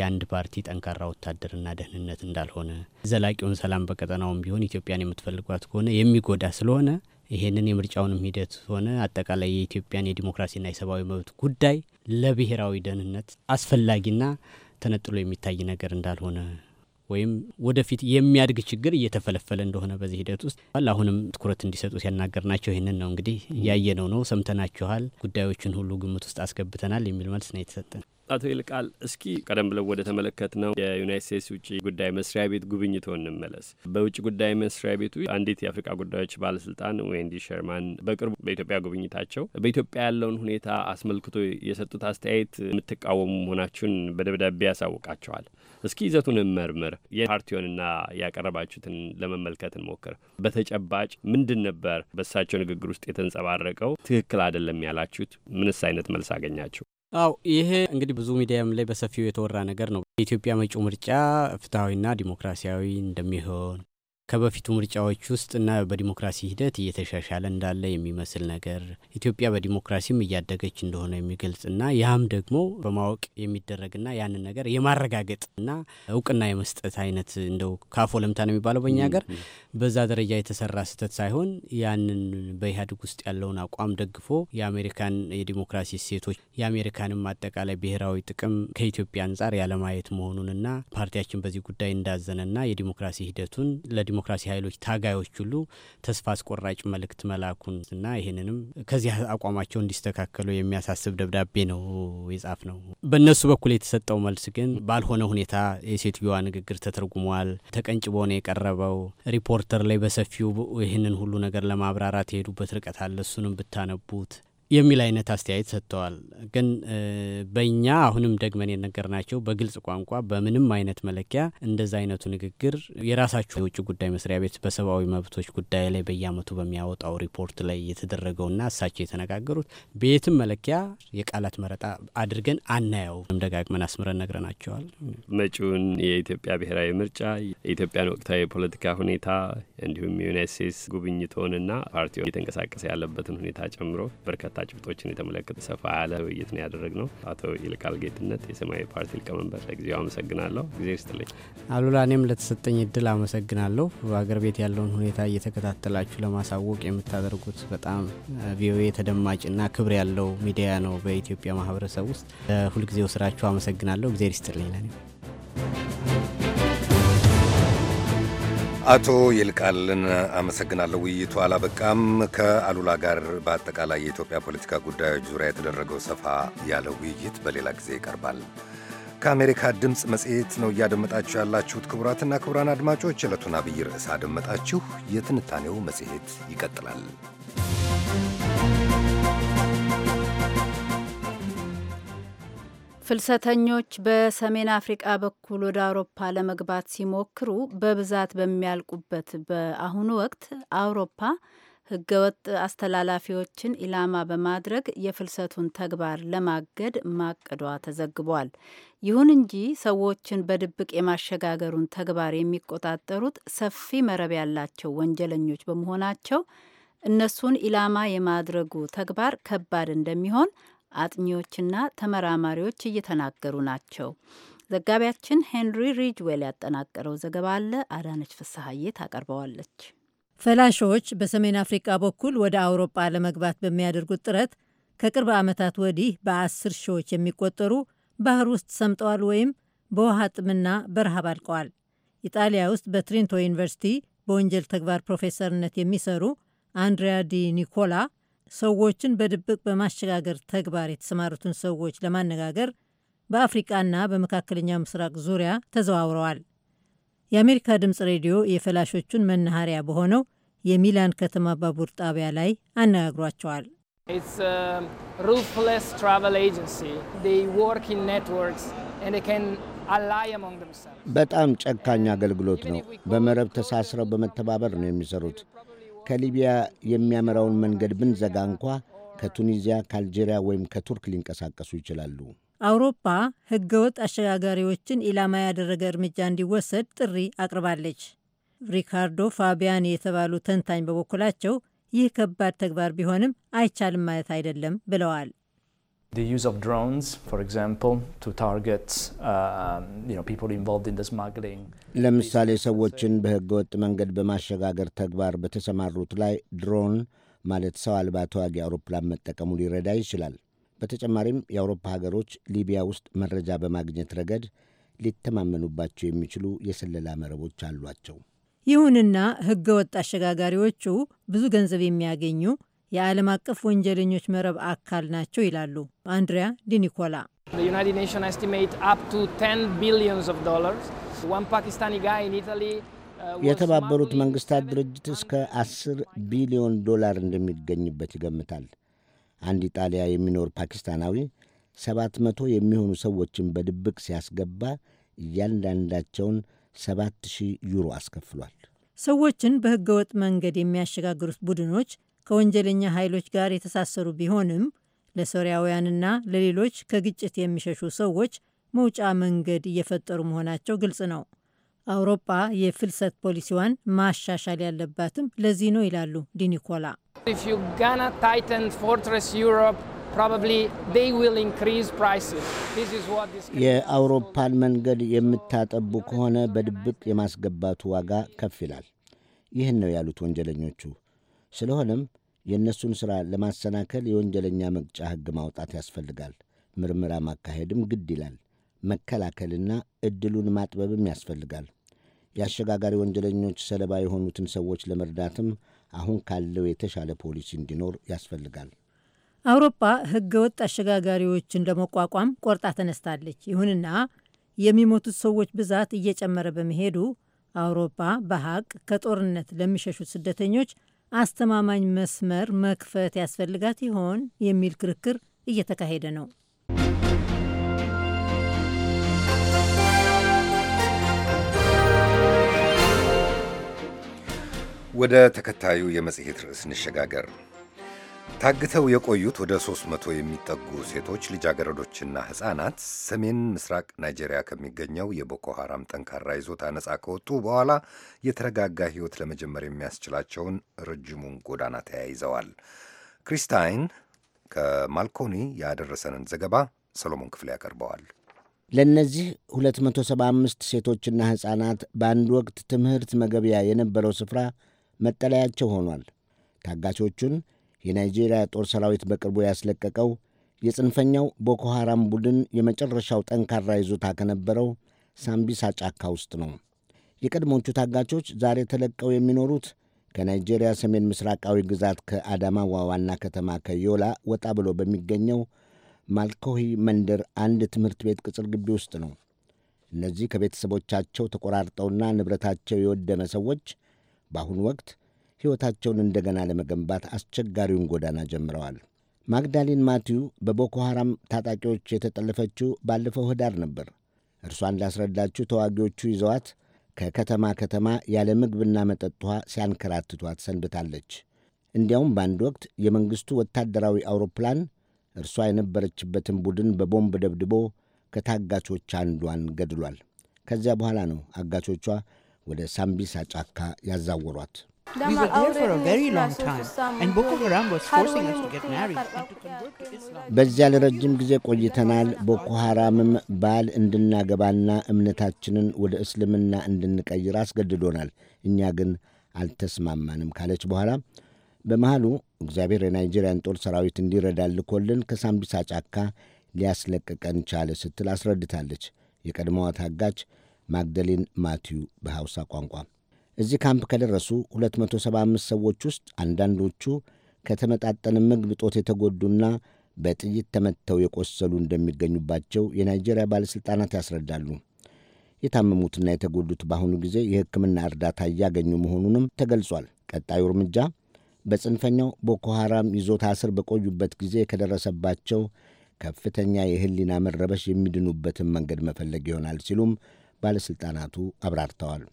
የአንድ ፓርቲ ጠንካራ ወታደርና ደህንነት እንዳልሆነ ዘላቂውን ሰላም በቀጠናውም ቢሆን ኢትዮጵያን የምትፈልጓት ከሆነ የሚጎዳ ስለሆነ ይሄንን የምርጫውንም ሂደት ሆነ አጠቃላይ የኢትዮጵያን የዲሞክራሲና የሰብአዊ መብት ጉዳይ ለብሔራዊ ደህንነት አስፈላጊና ተነጥሎ የሚታይ ነገር እንዳልሆነ ወይም ወደፊት የሚያድግ ችግር እየተፈለፈለ እንደሆነ በዚህ ሂደት ውስጥ አሁንም ትኩረት ሲያናገር ናቸው። ይህንን ነው። እንግዲህ ያየነው ነው፣ ሰምተናችኋል። ጉዳዮችን ሁሉ ግምት ውስጥ አስገብተናል የሚል መልስ ነው የተሰጠን። አቶ ይልቃል እስኪ ቀደም ብለው ወደ ተመለከት ነው የዩናይት ስቴትስ ውጭ ጉዳይ መስሪያ ቤት ጉብኝቶ እንመለስ። በውጭ ጉዳይ መስሪያ ቤቱ አንዲት የአፍሪቃ ጉዳዮች ባለስልጣን ዌንዲ ሸርማን በቅርቡ በኢትዮጵያ ጉብኝታቸው በኢትዮጵያ ያለውን ሁኔታ አስመልክቶ የሰጡት አስተያየት የምትቃወሙ መሆናችሁን በደብዳቤ ያሳውቃቸዋል። እስኪ ይዘቱን መርምር የፓርቲውንና ያቀረባችሁትን ለመመልከት እንሞክር። በተጨባጭ ምንድን ነበር በእሳቸው ንግግር ውስጥ የተንጸባረቀው ትክክል አይደለም ያላችሁት? ምንስ አይነት መልስ አገኛችሁ? አው ይሄ እንግዲህ ብዙ ሚዲያም ላይ በሰፊው የተወራ ነገር ነው። የኢትዮጵያ መጪው ምርጫ ፍትሐዊና ዲሞክራሲያዊ እንደሚሆን ከበፊቱ ምርጫዎች ውስጥ እና በዲሞክራሲ ሂደት እየተሻሻለ እንዳለ የሚመስል ነገር ኢትዮጵያ በዲሞክራሲም እያደገች እንደሆነ የሚገልጽ እና ያም ደግሞ በማወቅ የሚደረግና ያንን ነገር የማረጋገጥ እና እውቅና የመስጠት አይነት እንደው ካፎ ለምታ ነው የሚባለው በእኛ ሀገር በዛ ደረጃ የተሰራ ስህተት ሳይሆን ያንን በኢህአዴግ ውስጥ ያለውን አቋም ደግፎ የአሜሪካን የዲሞክራሲ እሴቶች የአሜሪካንም አጠቃላይ ብሔራዊ ጥቅም ከኢትዮጵያ አንጻር ያለማየት መሆኑንና ፓርቲያችን በዚህ ጉዳይ እንዳዘነና የዲሞክራሲ ሂደቱን ለዲሞ የዲሞክራሲ ኃይሎች ታጋዮች ሁሉ ተስፋ አስቆራጭ መልእክት መላኩን እና ይህንንም ከዚያ አቋማቸው እንዲስተካከሉ የሚያሳስብ ደብዳቤ ነው የጻፍ ነው። በእነሱ በኩል የተሰጠው መልስ ግን ባልሆነ ሁኔታ የሴትዮዋ ንግግር ተተርጉሟል፣ ተቀንጭቦ ነው የቀረበው። ሪፖርተር ላይ በሰፊው ይህንን ሁሉ ነገር ለማብራራት የሄዱበት ርቀት አለ። እሱንም ብታነቡት የሚል አይነት አስተያየት ሰጥተዋል። ግን በእኛ አሁንም ደግመን የነገርናቸው በግልጽ ቋንቋ በምንም አይነት መለኪያ እንደዛ አይነቱ ንግግር የራሳቸው የውጭ ጉዳይ መስሪያ ቤት በሰብአዊ መብቶች ጉዳይ ላይ በየአመቱ በሚያወጣው ሪፖርት ላይ የተደረገውና እሳቸው የተነጋገሩት በየትም መለኪያ የቃላት መረጣ አድርገን አናየው። ደጋግመን አስምረን ነግረናቸዋል። መጪውን የኢትዮጵያ ብሔራዊ ምርጫ፣ የኢትዮጵያን ወቅታዊ የፖለቲካ ሁኔታ እንዲሁም የዩናይት ስቴትስ ጉብኝቶንና ፓርቲው እየተንቀሳቀሰ ያለበትን ሁኔታ ጨምሮ በርካታ ጭብጦችን የተመለከተ ሰፋ ያለ ውይይት ነው ያደረግነው። አቶ ይልቃል ጌትነት የሰማያዊ ፓርቲ ሊቀመንበር፣ ለጊዜው አመሰግናለሁ። ጊዜ ይስጥልኝ። አሉላ፣ እኔም ለተሰጠኝ እድል አመሰግናለሁ። በአገር ቤት ያለውን ሁኔታ እየተከታተላችሁ ለማሳወቅ የምታደርጉት በጣም ቪኦኤ ተደማጭና ክብር ያለው ሚዲያ ነው በኢትዮጵያ ማህበረሰብ ውስጥ። ሁልጊዜው ስራችሁ አመሰግናለሁ። እግዜር ይስጥልኝ። አቶ ይልቃልን አመሰግናለሁ። ውይይቱ አላበቃም። ከአሉላ ጋር በአጠቃላይ የኢትዮጵያ ፖለቲካ ጉዳዮች ዙሪያ የተደረገው ሰፋ ያለ ውይይት በሌላ ጊዜ ይቀርባል። ከአሜሪካ ድምፅ መጽሔት ነው እያደመጣችሁ ያላችሁት። ክቡራትና ክቡራን አድማጮች ዕለቱን አብይ ርዕስ አደመጣችሁ። የትንታኔው መጽሔት ይቀጥላል። ፍልሰተኞች በሰሜን አፍሪቃ በኩል ወደ አውሮፓ ለመግባት ሲሞክሩ በብዛት በሚያልቁበት በአሁኑ ወቅት አውሮፓ ህገወጥ አስተላላፊዎችን ኢላማ በማድረግ የፍልሰቱን ተግባር ለማገድ ማቀዷ ተዘግቧል። ይሁን እንጂ ሰዎችን በድብቅ የማሸጋገሩን ተግባር የሚቆጣጠሩት ሰፊ መረብ ያላቸው ወንጀለኞች በመሆናቸው እነሱን ኢላማ የማድረጉ ተግባር ከባድ እንደሚሆን አጥኚዎችና ተመራማሪዎች እየተናገሩ ናቸው። ዘጋቢያችን ሄንሪ ሪጅዌል ያጠናቀረው ዘገባ አለ። አዳነች ፍስሐዬ ታቀርበዋለች። ፈላሾች በሰሜን አፍሪቃ በኩል ወደ አውሮፓ ለመግባት በሚያደርጉት ጥረት ከቅርብ ዓመታት ወዲህ በአስር ሺዎች የሚቆጠሩ ባህር ውስጥ ሰምጠዋል ወይም በውሃ ጥምና በረሃብ አልቀዋል። ኢጣሊያ ውስጥ በትሪንቶ ዩኒቨርሲቲ በወንጀል ተግባር ፕሮፌሰርነት የሚሰሩ አንድሪያ ዲ ኒኮላ ሰዎችን በድብቅ በማሸጋገር ተግባር የተሰማሩትን ሰዎች ለማነጋገር በአፍሪቃና በመካከለኛው ምስራቅ ዙሪያ ተዘዋውረዋል። የአሜሪካ ድምፅ ሬዲዮ የፈላሾቹን መናኸሪያ በሆነው የሚላን ከተማ ባቡር ጣቢያ ላይ አነጋግሯቸዋል። በጣም ጨካኝ አገልግሎት ነው። በመረብ ተሳስረው በመተባበር ነው የሚሰሩት። ከሊቢያ የሚያመራውን መንገድ ብንዘጋ እንኳ ከቱኒዚያ፣ ከአልጄሪያ ወይም ከቱርክ ሊንቀሳቀሱ ይችላሉ። አውሮፓ ህገወጥ አሸጋጋሪዎችን ኢላማ ያደረገ እርምጃ እንዲወሰድ ጥሪ አቅርባለች። ሪካርዶ ፋቢያኒ የተባሉ ተንታኝ በበኩላቸው ይህ ከባድ ተግባር ቢሆንም አይቻልም ማለት አይደለም ብለዋል። The use of drones, for example, to target um, you know, people involved in the smuggling. ለምሳሌ ሰዎችን በህገወጥ መንገድ በማሸጋገር ተግባር በተሰማሩት ላይ ድሮን ማለት ሰው አልባ ተዋጊ አውሮፕላን መጠቀሙ ሊረዳ ይችላል። በተጨማሪም የአውሮፓ ሀገሮች ሊቢያ ውስጥ መረጃ በማግኘት ረገድ ሊተማመኑባቸው የሚችሉ የስለላ መረቦች አሏቸው። ይሁንና ህገወጥ አሸጋጋሪዎቹ ብዙ ገንዘብ የሚያገኙ የዓለም አቀፍ ወንጀለኞች መረብ አካል ናቸው ይላሉ አንድሪያ ዲኒኮላ። uh, የተባበሩት መንግስታት ድርጅት እስከ 10 ቢሊዮን ዶላር እንደሚገኝበት ይገምታል። አንድ ኢጣሊያ የሚኖር ፓኪስታናዊ 700 የሚሆኑ ሰዎችን በድብቅ ሲያስገባ እያንዳንዳቸውን 7000 ዩሮ አስከፍሏል። ሰዎችን በህገወጥ መንገድ የሚያሸጋግሩት ቡድኖች ከወንጀለኛ ኃይሎች ጋር የተሳሰሩ ቢሆንም ለሶሪያውያንና ለሌሎች ከግጭት የሚሸሹ ሰዎች መውጫ መንገድ እየፈጠሩ መሆናቸው ግልጽ ነው። አውሮፓ የፍልሰት ፖሊሲዋን ማሻሻል ያለባትም ለዚህ ነው ይላሉ ዲኒኮላ። የአውሮፓን መንገድ የምታጠቡ ከሆነ በድብቅ የማስገባቱ ዋጋ ከፍ ይላል። ይህን ነው ያሉት ወንጀለኞቹ። ስለሆነም የእነሱን ሥራ ለማሰናከል የወንጀለኛ መቅጫ ሕግ ማውጣት ያስፈልጋል። ምርመራ ማካሄድም ግድ ይላል። መከላከልና ዕድሉን ማጥበብም ያስፈልጋል። የአሸጋጋሪ ወንጀለኞች ሰለባ የሆኑትን ሰዎች ለመርዳትም አሁን ካለው የተሻለ ፖሊሲ እንዲኖር ያስፈልጋል። አውሮፓ ወጥ አሸጋጋሪዎችን ለመቋቋም ቆርጣ ተነስታለች። ይሁንና የሚሞቱት ሰዎች ብዛት እየጨመረ በመሄዱ አውሮፓ በሀቅ ከጦርነት ለሚሸሹት ስደተኞች አስተማማኝ መስመር መክፈት ያስፈልጋት ይሆን የሚል ክርክር እየተካሄደ ነው። ወደ ተከታዩ የመጽሔት ርዕስ እንሸጋገር። ታግተው የቆዩት ወደ 300 የሚጠጉ ሴቶች ልጃገረዶችና ሕፃናት ሰሜን ምስራቅ ናይጄሪያ ከሚገኘው የቦኮ ሐራም ጠንካራ ይዞታ ነጻ ከወጡ በኋላ የተረጋጋ ሕይወት ለመጀመር የሚያስችላቸውን ረጅሙን ጎዳና ተያይዘዋል። ክሪስታይን ከማልኮኒ ያደረሰንን ዘገባ ሰሎሞን ክፍሌ ያቀርበዋል። ለእነዚህ 275 ሴቶችና ሕፃናት በአንድ ወቅት ትምህርት መገቢያ የነበረው ስፍራ መጠለያቸው ሆኗል። ታጋቾቹን የናይጄሪያ ጦር ሰራዊት በቅርቡ ያስለቀቀው የጽንፈኛው ቦኮ ሐራም ቡድን የመጨረሻው ጠንካራ ይዞታ ከነበረው ሳምቢሳ ጫካ ውስጥ ነው። የቀድሞቹ ታጋቾች ዛሬ ተለቀው የሚኖሩት ከናይጄሪያ ሰሜን ምስራቃዊ ግዛት ከአዳማዋ ዋና ከተማ ከዮላ ወጣ ብሎ በሚገኘው ማልኮሂ መንደር አንድ ትምህርት ቤት ቅጽር ግቢ ውስጥ ነው። እነዚህ ከቤተሰቦቻቸው ተቆራርጠውና ንብረታቸው የወደመ ሰዎች በአሁኑ ወቅት ሕይወታቸውን እንደገና ለመገንባት አስቸጋሪውን ጎዳና ጀምረዋል። ማግዳሌን ማቲዩ በቦኮ ሐራም ታጣቂዎች የተጠለፈችው ባለፈው ህዳር ነበር። እርሷን እንዳስረዳችው ተዋጊዎቹ ይዘዋት ከከተማ ከተማ ያለ ምግብና መጠጥ ውሃ ሲያንከራትቷት ሰንብታለች። እንዲያውም በአንድ ወቅት የመንግሥቱ ወታደራዊ አውሮፕላን እርሷ የነበረችበትን ቡድን በቦምብ ደብድቦ ከታጋቾች አንዷን ገድሏል። ከዚያ በኋላ ነው አጋቾቿ ወደ ሳምቢሳ ጫካ ያዛወሯት። We were there for a very long time, and Boko Haram was forcing us to get married and to convert to Islam. በዚያ ለረጅም ጊዜ ቆይተናል። ቦኮ ሐራምም ባል እንድናገባና እምነታችንን ወደ እስልምና እንድንቀይር አስገድዶናል። እኛ ግን አልተስማማንም ካለች በኋላ በመሃሉ እግዚአብሔር የናይጄሪያን ጦር ሰራዊት እንዲረዳ ልኮልን ከሳምቢሳ ጫካ ሊያስለቅቀን ቻለ ስትል አስረድታለች። የቀድሞዋ ታጋች ማግደሊን ማቲዩ በሐውሳ ቋንቋ እዚህ ካምፕ ከደረሱ 275 ሰዎች ውስጥ አንዳንዶቹ ከተመጣጠነ ምግብ እጦት የተጎዱና በጥይት ተመትተው የቆሰሉ እንደሚገኙባቸው የናይጄሪያ ባለሥልጣናት ያስረዳሉ። የታመሙትና የተጎዱት በአሁኑ ጊዜ የሕክምና እርዳታ እያገኙ መሆኑንም ተገልጿል። ቀጣዩ እርምጃ በጽንፈኛው ቦኮ ሐራም ይዞታ ስር በቆዩበት ጊዜ ከደረሰባቸው ከፍተኛ የህሊና መረበሽ የሚድኑበትን መንገድ መፈለግ ይሆናል ሲሉም ባለሥልጣናቱ አብራርተዋል።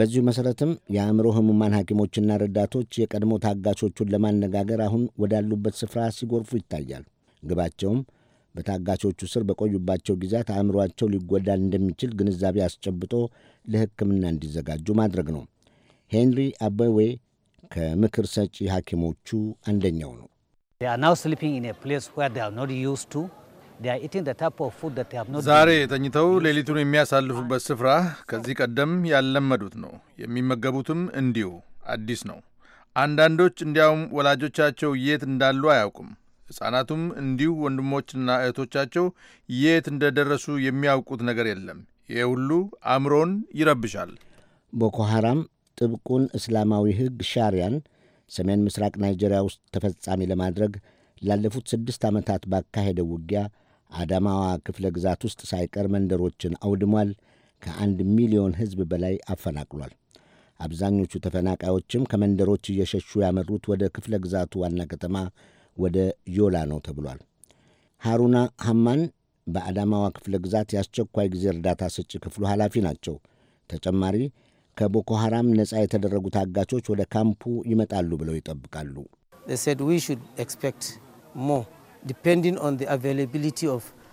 በዚሁ መሠረትም የአእምሮ ህሙማን ሐኪሞችና ረዳቶች የቀድሞ ታጋቾቹን ለማነጋገር አሁን ወዳሉበት ስፍራ ሲጎርፉ ይታያል። ግባቸውም በታጋቾቹ ስር በቆዩባቸው ጊዜያት አእምሯቸው ሊጎዳል እንደሚችል ግንዛቤ አስጨብጦ ለሕክምና እንዲዘጋጁ ማድረግ ነው። ሄንሪ አበዌ ከምክር ሰጪ ሐኪሞቹ አንደኛው ነው። ዛሬ ተኝተው ሌሊቱን የሚያሳልፉበት ስፍራ ከዚህ ቀደም ያለመዱት ነው። የሚመገቡትም እንዲሁ አዲስ ነው። አንዳንዶች እንዲያውም ወላጆቻቸው የት እንዳሉ አያውቁም። ሕፃናቱም እንዲሁ ወንድሞችና እህቶቻቸው የት እንደደረሱ የሚያውቁት ነገር የለም። ይህ ሁሉ አእምሮን ይረብሻል። ቦኮ ሐራም ጥብቁን እስላማዊ ሕግ ሻሪያን ሰሜን ምስራቅ ናይጄሪያ ውስጥ ተፈጻሚ ለማድረግ ላለፉት ስድስት ዓመታት ባካሄደው ውጊያ አዳማዋ ክፍለ ግዛት ውስጥ ሳይቀር መንደሮችን አውድሟል። ከአንድ ሚሊዮን ሕዝብ በላይ አፈናቅሏል። አብዛኞቹ ተፈናቃዮችም ከመንደሮች እየሸሹ ያመሩት ወደ ክፍለ ግዛቱ ዋና ከተማ ወደ ዮላ ነው ተብሏል። ሃሩና ሐማን በአዳማዋ ክፍለ ግዛት የአስቸኳይ ጊዜ እርዳታ ሰጪ ክፍሉ ኃላፊ ናቸው። ተጨማሪ ከቦኮ ሐራም ነፃ የተደረጉ ታጋቾች ወደ ካምፑ ይመጣሉ ብለው ይጠብቃሉ።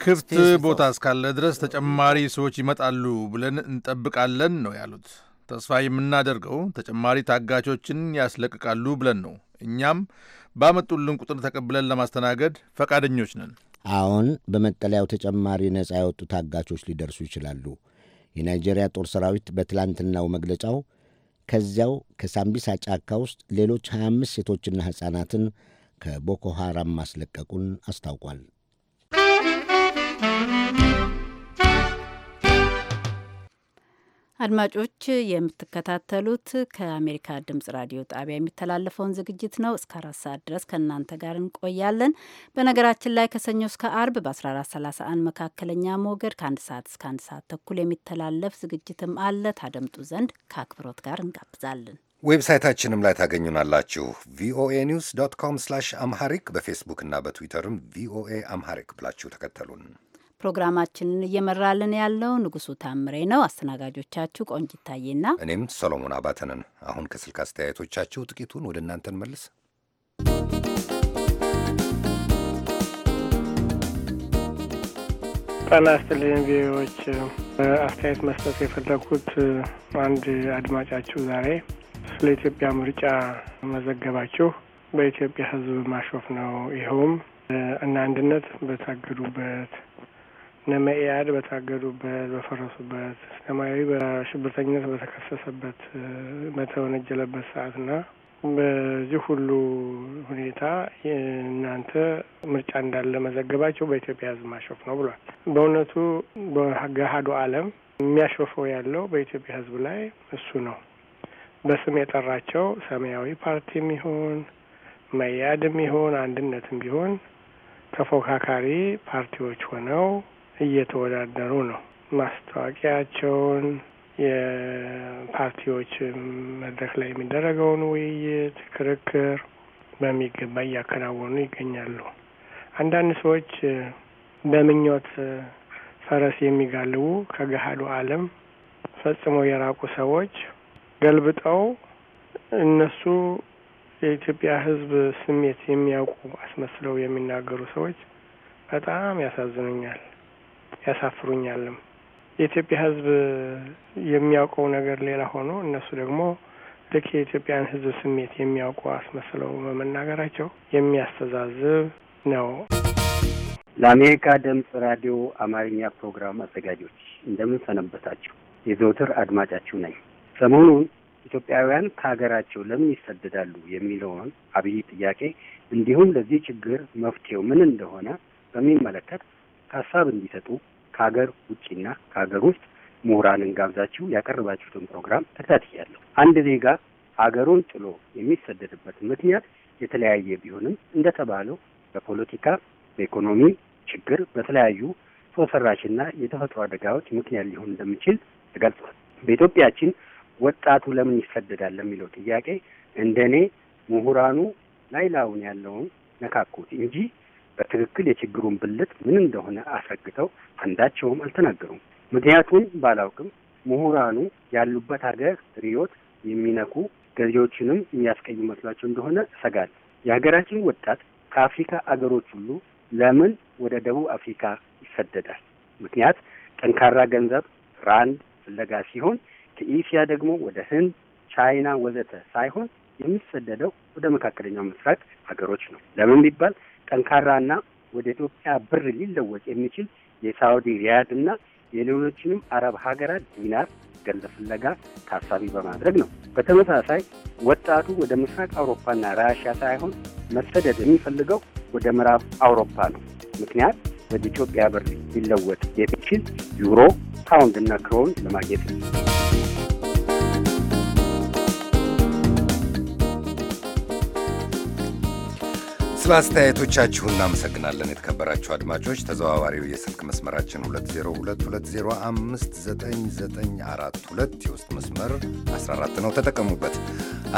ክፍት ቦታ እስካለ ድረስ ተጨማሪ ሰዎች ይመጣሉ ብለን እንጠብቃለን ነው ያሉት። ተስፋ የምናደርገው ተጨማሪ ታጋቾችን ያስለቅቃሉ ብለን ነው። እኛም ባመጡልን ቁጥር ተቀብለን ለማስተናገድ ፈቃደኞች ነን። አሁን በመጠለያው ተጨማሪ ነጻ የወጡ ታጋቾች ሊደርሱ ይችላሉ። የናይጄሪያ ጦር ሰራዊት በትላንትናው መግለጫው ከዚያው ከሳምቢሳ ጫካ ውስጥ ሌሎች 25 ሴቶችና ሕፃናትን ከቦኮ ሃራም ማስለቀቁን አስታውቋል። አድማጮች የምትከታተሉት ከአሜሪካ ድምጽ ራዲዮ ጣቢያ የሚተላለፈውን ዝግጅት ነው። እስከ አራት ሰዓት ድረስ ከእናንተ ጋር እንቆያለን። በነገራችን ላይ ከሰኞ እስከ አርብ በ1431 መካከለኛ ሞገድ ከአንድ ሰዓት እስከ አንድ ሰዓት ተኩል የሚተላለፍ ዝግጅትም አለ። ታደምጡ ዘንድ ከአክብሮት ጋር እንጋብዛለን። ዌብሳይታችንም ላይ ታገኙናላችሁ። ቪኦኤ ኒውስ ዶት ኮም ስላሽ አምሃሪክ በፌስቡክ እና በትዊተርም ቪኦኤ አምሃሪክ ብላችሁ ተከተሉን። ፕሮግራማችንን እየመራልን ያለው ንጉሱ ታምሬ ነው። አስተናጋጆቻችሁ ቆንጅ ይታዬና እኔም ሰሎሞን አባተንን። አሁን ከስልክ አስተያየቶቻችሁ ጥቂቱን ወደ እናንተን መልስ ጠና ስትልን ቪዎች አስተያየት መስጠት የፈለግኩት አንድ አድማጫችሁ ዛሬ ስለ ኢትዮጵያ ምርጫ መዘገባችሁ በኢትዮጵያ ሕዝብ ማሾፍ ነው። ይኸውም እና አንድነት በታገዱበት እነ በታገዱበት፣ በፈረሱበት፣ ሰማያዊ በሽብርተኝነት በተከሰሰበት በተወነጀለበት ሰዓትና በዚህ ሁሉ ሁኔታ እናንተ ምርጫ እንዳለ መዘገባቸው በኢትዮጵያ ህዝብ ማሾፍ ነው ብሏል። በእውነቱ በገሀዱ ዓለም የሚያሾፈው ያለው በኢትዮጵያ ህዝብ ላይ እሱ ነው። በስም የጠራቸው ሰማያዊ ፓርቲም ይሁን መያድም ይሁን አንድነትም ቢሆን ተፎካካሪ ፓርቲዎች ሆነው እየተወዳደሩ ነው። ማስታወቂያቸውን፣ የፓርቲዎች መድረክ ላይ የሚደረገውን ውይይት፣ ክርክር በሚገባ እያከናወኑ ይገኛሉ። አንዳንድ ሰዎች በምኞት ፈረስ የሚጋልቡ ከገሃዱ ዓለም ፈጽሞ የራቁ ሰዎች ገልብጠው እነሱ የኢትዮጵያ ሕዝብ ስሜት የሚያውቁ አስመስለው የሚናገሩ ሰዎች በጣም ያሳዝኑኛል፣ ያሳፍሩኛልም። የኢትዮጵያ ሕዝብ የሚያውቀው ነገር ሌላ ሆኖ እነሱ ደግሞ ልክ የኢትዮጵያን ሕዝብ ስሜት የሚያውቁ አስመስለው በመናገራቸው የሚያስተዛዝብ ነው። ለአሜሪካ ድምፅ ራዲዮ አማርኛ ፕሮግራም አዘጋጆች እንደምን ሰነበታችሁ? የዘውትር አድማጫችሁ ነኝ። ሰሞኑን ኢትዮጵያውያን ከሀገራቸው ለምን ይሰደዳሉ የሚለውን አብይ ጥያቄ እንዲሁም ለዚህ ችግር መፍትሄው ምን እንደሆነ በሚመለከት ሀሳብ እንዲሰጡ ከሀገር ውጭና ከሀገር ውስጥ ምሁራንን ጋብዛችሁ ያቀረባችሁትን ፕሮግራም ተከታትያለሁ። አንድ ዜጋ ሀገሩን ጥሎ የሚሰደድበት ምክንያት የተለያየ ቢሆንም እንደተባለው በፖለቲካ፣ በኢኮኖሚ ችግር፣ በተለያዩ ሰው ሰራሽና የተፈጥሮ አደጋዎች ምክንያት ሊሆን እንደሚችል ተገልጿል። በኢትዮጵያችን ወጣቱ ለምን ይሰደዳል ለሚለው ጥያቄ እንደ እኔ ምሁራኑ ላይ ላዩን ያለውን ነካኩት እንጂ በትክክል የችግሩን ብልት ምን እንደሆነ አስረግተው አንዳቸውም አልተናገሩም። ምክንያቱም ባላውቅም ምሁራኑ ያሉበት ሀገር ርዕዮት የሚነኩ ገዢዎችንም የሚያስቀኝ መስሏቸው እንደሆነ እሰጋለሁ። የሀገራችን ወጣት ከአፍሪካ አገሮች ሁሉ ለምን ወደ ደቡብ አፍሪካ ይሰደዳል? ምክንያት ጠንካራ ገንዘብ ራንድ ፍለጋ ሲሆን ከኢስያ ደግሞ ወደ ህንድ፣ ቻይና ወዘተ ሳይሆን የሚሰደደው ወደ መካከለኛው ምስራቅ ሀገሮች ነው። ለምን ቢባል ጠንካራና ወደ ኢትዮጵያ ብር ሊለወጥ የሚችል የሳውዲ ሪያድ እና የሌሎችንም አረብ ሀገራት ዲናር ገንዘብ ፍለጋ ታሳቢ በማድረግ ነው። በተመሳሳይ ወጣቱ ወደ ምስራቅ አውሮፓና ራሽያ ሳይሆን መሰደድ የሚፈልገው ወደ ምዕራብ አውሮፓ ነው። ምክንያት ወደ ኢትዮጵያ ብር ሊለወጥ የሚችል ዩሮ፣ ፓውንድ እና ክሮን ለማግኘት ነው። ስለ አስተያየቶቻችሁ እናመሰግናለን። የተከበራችሁ አድማጮች ተዘዋዋሪው የስልክ መስመራችን 2022059942 የውስጥ መስመር 14 ነው። ተጠቀሙበት።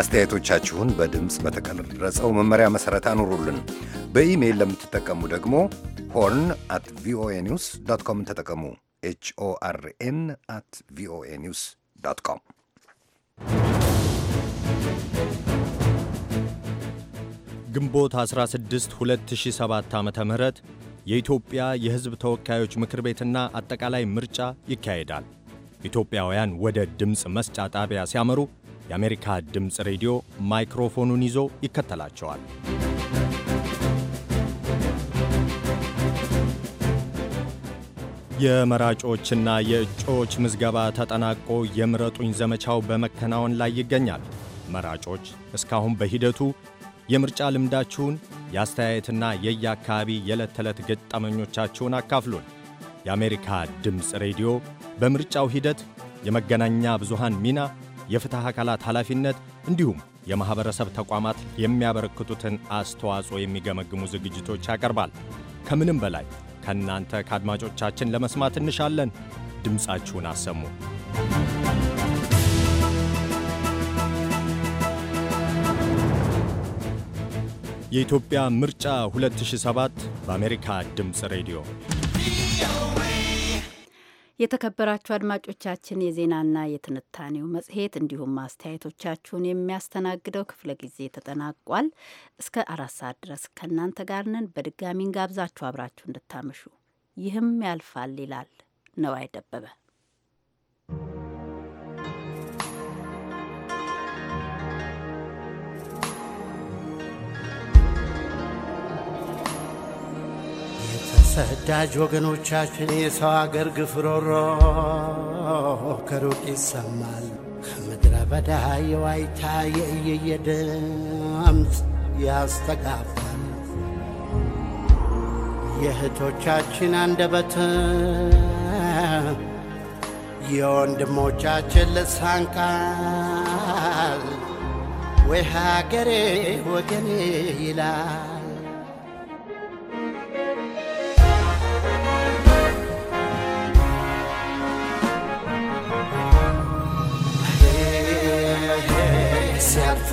አስተያየቶቻችሁን በድምፅ በተቀረጸው መመሪያ መሠረት አኑሩልን። በኢሜይል ለምትጠቀሙ ደግሞ ሆርን አት ቪኦኤ ኒውስ ዶት ኮምን ተጠቀሙ። ኤችኦአርኤን አት ቪኦኤ ኒውስ ዶት ኮም ግንቦት 16 2007 ዓ.ም የኢትዮጵያ የሕዝብ ተወካዮች ምክር ቤትና አጠቃላይ ምርጫ ይካሄዳል። ኢትዮጵያውያን ወደ ድምፅ መስጫ ጣቢያ ሲያመሩ የአሜሪካ ድምፅ ሬዲዮ ማይክሮፎኑን ይዞ ይከተላቸዋል። የመራጮችና የእጩዎች ምዝገባ ተጠናቆ የምረጡኝ ዘመቻው በመከናወን ላይ ይገኛል። መራጮች እስካሁን በሂደቱ የምርጫ ልምዳችሁን፣ የአስተያየትና የየአካባቢ የዕለት ተዕለት ገጠመኞቻችሁን አካፍሉን። የአሜሪካ ድምፅ ሬዲዮ በምርጫው ሂደት የመገናኛ ብዙሃን ሚና፣ የፍትሕ አካላት ኃላፊነት እንዲሁም የማኅበረሰብ ተቋማት የሚያበረክቱትን አስተዋጽኦ የሚገመግሙ ዝግጅቶች ያቀርባል። ከምንም በላይ ከእናንተ ከአድማጮቻችን ለመስማት እንሻለን። ድምፃችሁን አሰሙ። የኢትዮጵያ ምርጫ 2007 በአሜሪካ ድምፅ ሬዲዮ። የተከበራችሁ አድማጮቻችን የዜናና የትንታኔው መጽሔት እንዲሁም አስተያየቶቻችሁን የሚያስተናግደው ክፍለ ጊዜ ተጠናቋል። እስከ አራት ሰዓት ድረስ ከእናንተ ጋር ነን። በድጋሚ እንጋብዛችሁ አብራችሁ እንድታመሹ። ይህም ያልፋል ይላል ነዋይ ደበበ። ሰዳጅ ወገኖቻችን የሰው አገር ግፍሮሮ ከሩቅ ይሰማል ከምድረ በዳ የዋይታ የእየየ ድምፅ ያስተጋባል። የእህቶቻችን አንደበት የወንድሞቻችን ልሳን ቃል ወይ ሀገሬ ወገኔ ይላል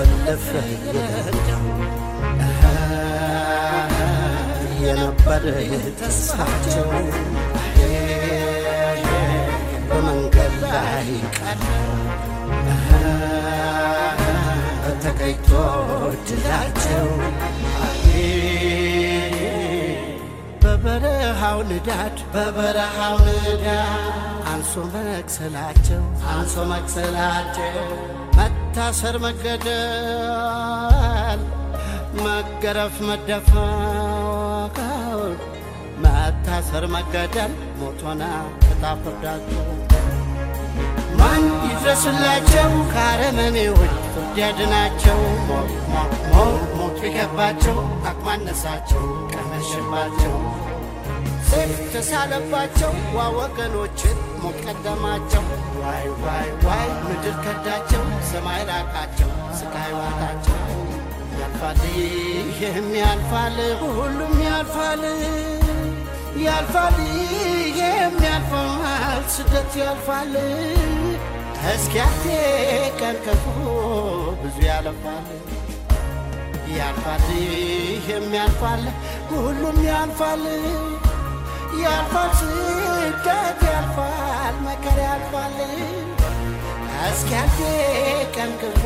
ፍለፍለ የነበረ ተስፋቸው በመንገድ ላይ ቀረ ተቀይቶ ድላቸው በበረሃው ንዳድ በበረሃው ንዳድ አንሶ መክሰላቸው አንሶ መክሰላቸው መታሰር፣ መገደል፣ መገረፍ፣ መደፈር፣ መታሰር፣ መገደል ሞቶና ቅጣ ፍርዳቸው ማን ይድረስላቸው? ከአረመኔዎች ፍርድ ያድናቸው። ሞት ሞት ሞት ቢገባቸው አቅማነሳቸው ቀመሽባቸው ሴት ተሳለባቸው ዋ ወገኖችን ሞት ቀደማቸው ዋይ ዋይ ዋይ ምድር ከዳቸው ሰማይ ላቃቸው ስቃይ ዋታቸው ያልፋል ይህም ያልፋል ሁሉም ያልፋል ያልፋል ይህም ያልፋል ስደት ያልፋል እስኪያቴ ቀን ከፉ ብዙ ያለፋል ያልፋል ይህም ያልፋል ሁሉም ያልፋል ያልፋል፣ ስጋት ያልፋል፣ መከራ ያልፋል። እስኪያልፍ ቀን ክፉ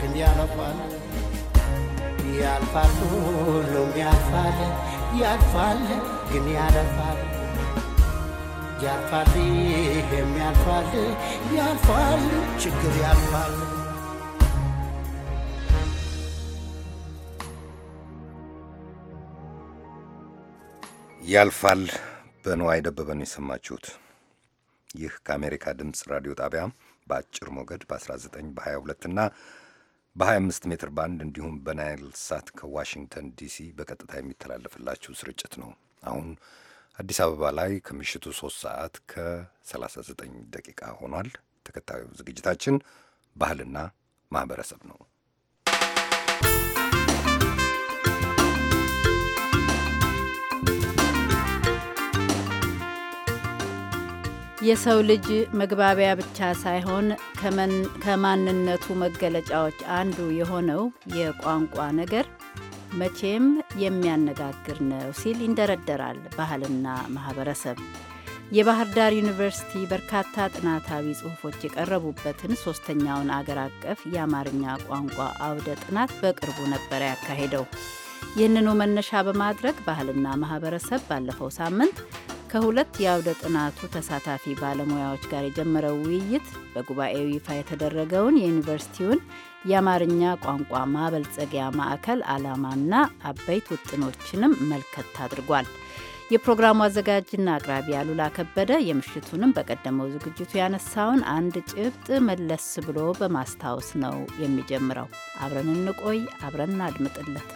ግን ያልፋል፣ ያልፋል፣ ሁሉም ያልፋል፣ ያልፋል ግን ያለፋል ያልፋል፣ ያልፋል፣ ያልፋል ችግር ያልፋል ያልፋል በነዋይ ደበበን የሰማችሁት። ይህ ከአሜሪካ ድምፅ ራዲዮ ጣቢያ በአጭር ሞገድ በ19 በ22 እና በ25 ሜትር ባንድ እንዲሁም በናይል ሳት ከዋሽንግተን ዲሲ በቀጥታ የሚተላለፍላችሁ ስርጭት ነው። አሁን አዲስ አበባ ላይ ከምሽቱ 3 ሰዓት ከ39 ደቂቃ ሆኗል። ተከታዩ ዝግጅታችን ባህልና ማህበረሰብ ነው። የሰው ልጅ መግባቢያ ብቻ ሳይሆን ከማንነቱ መገለጫዎች አንዱ የሆነው የቋንቋ ነገር መቼም የሚያነጋግር ነው ሲል ይንደረደራል ባህልና ማህበረሰብ። የባህር ዳር ዩኒቨርሲቲ በርካታ ጥናታዊ ጽሁፎች የቀረቡበትን ሶስተኛውን አገር አቀፍ የአማርኛ ቋንቋ አውደ ጥናት በቅርቡ ነበር ያካሄደው። ይህንኑ መነሻ በማድረግ ባህልና ማህበረሰብ ባለፈው ሳምንት ከሁለት የአውደ ጥናቱ ተሳታፊ ባለሙያዎች ጋር የጀመረው ውይይት በጉባኤው ይፋ የተደረገውን የዩኒቨርሲቲውን የአማርኛ ቋንቋ ማበልጸጊያ ማዕከል ዓላማና አበይት ውጥኖችንም መልከት አድርጓል። የፕሮግራሙ አዘጋጅና አቅራቢ አሉላ ከበደ የምሽቱንም በቀደመው ዝግጅቱ ያነሳውን አንድ ጭብጥ መለስ ብሎ በማስታወስ ነው የሚጀምረው። አብረን እንቆይ፣ አብረን አድምጥለት።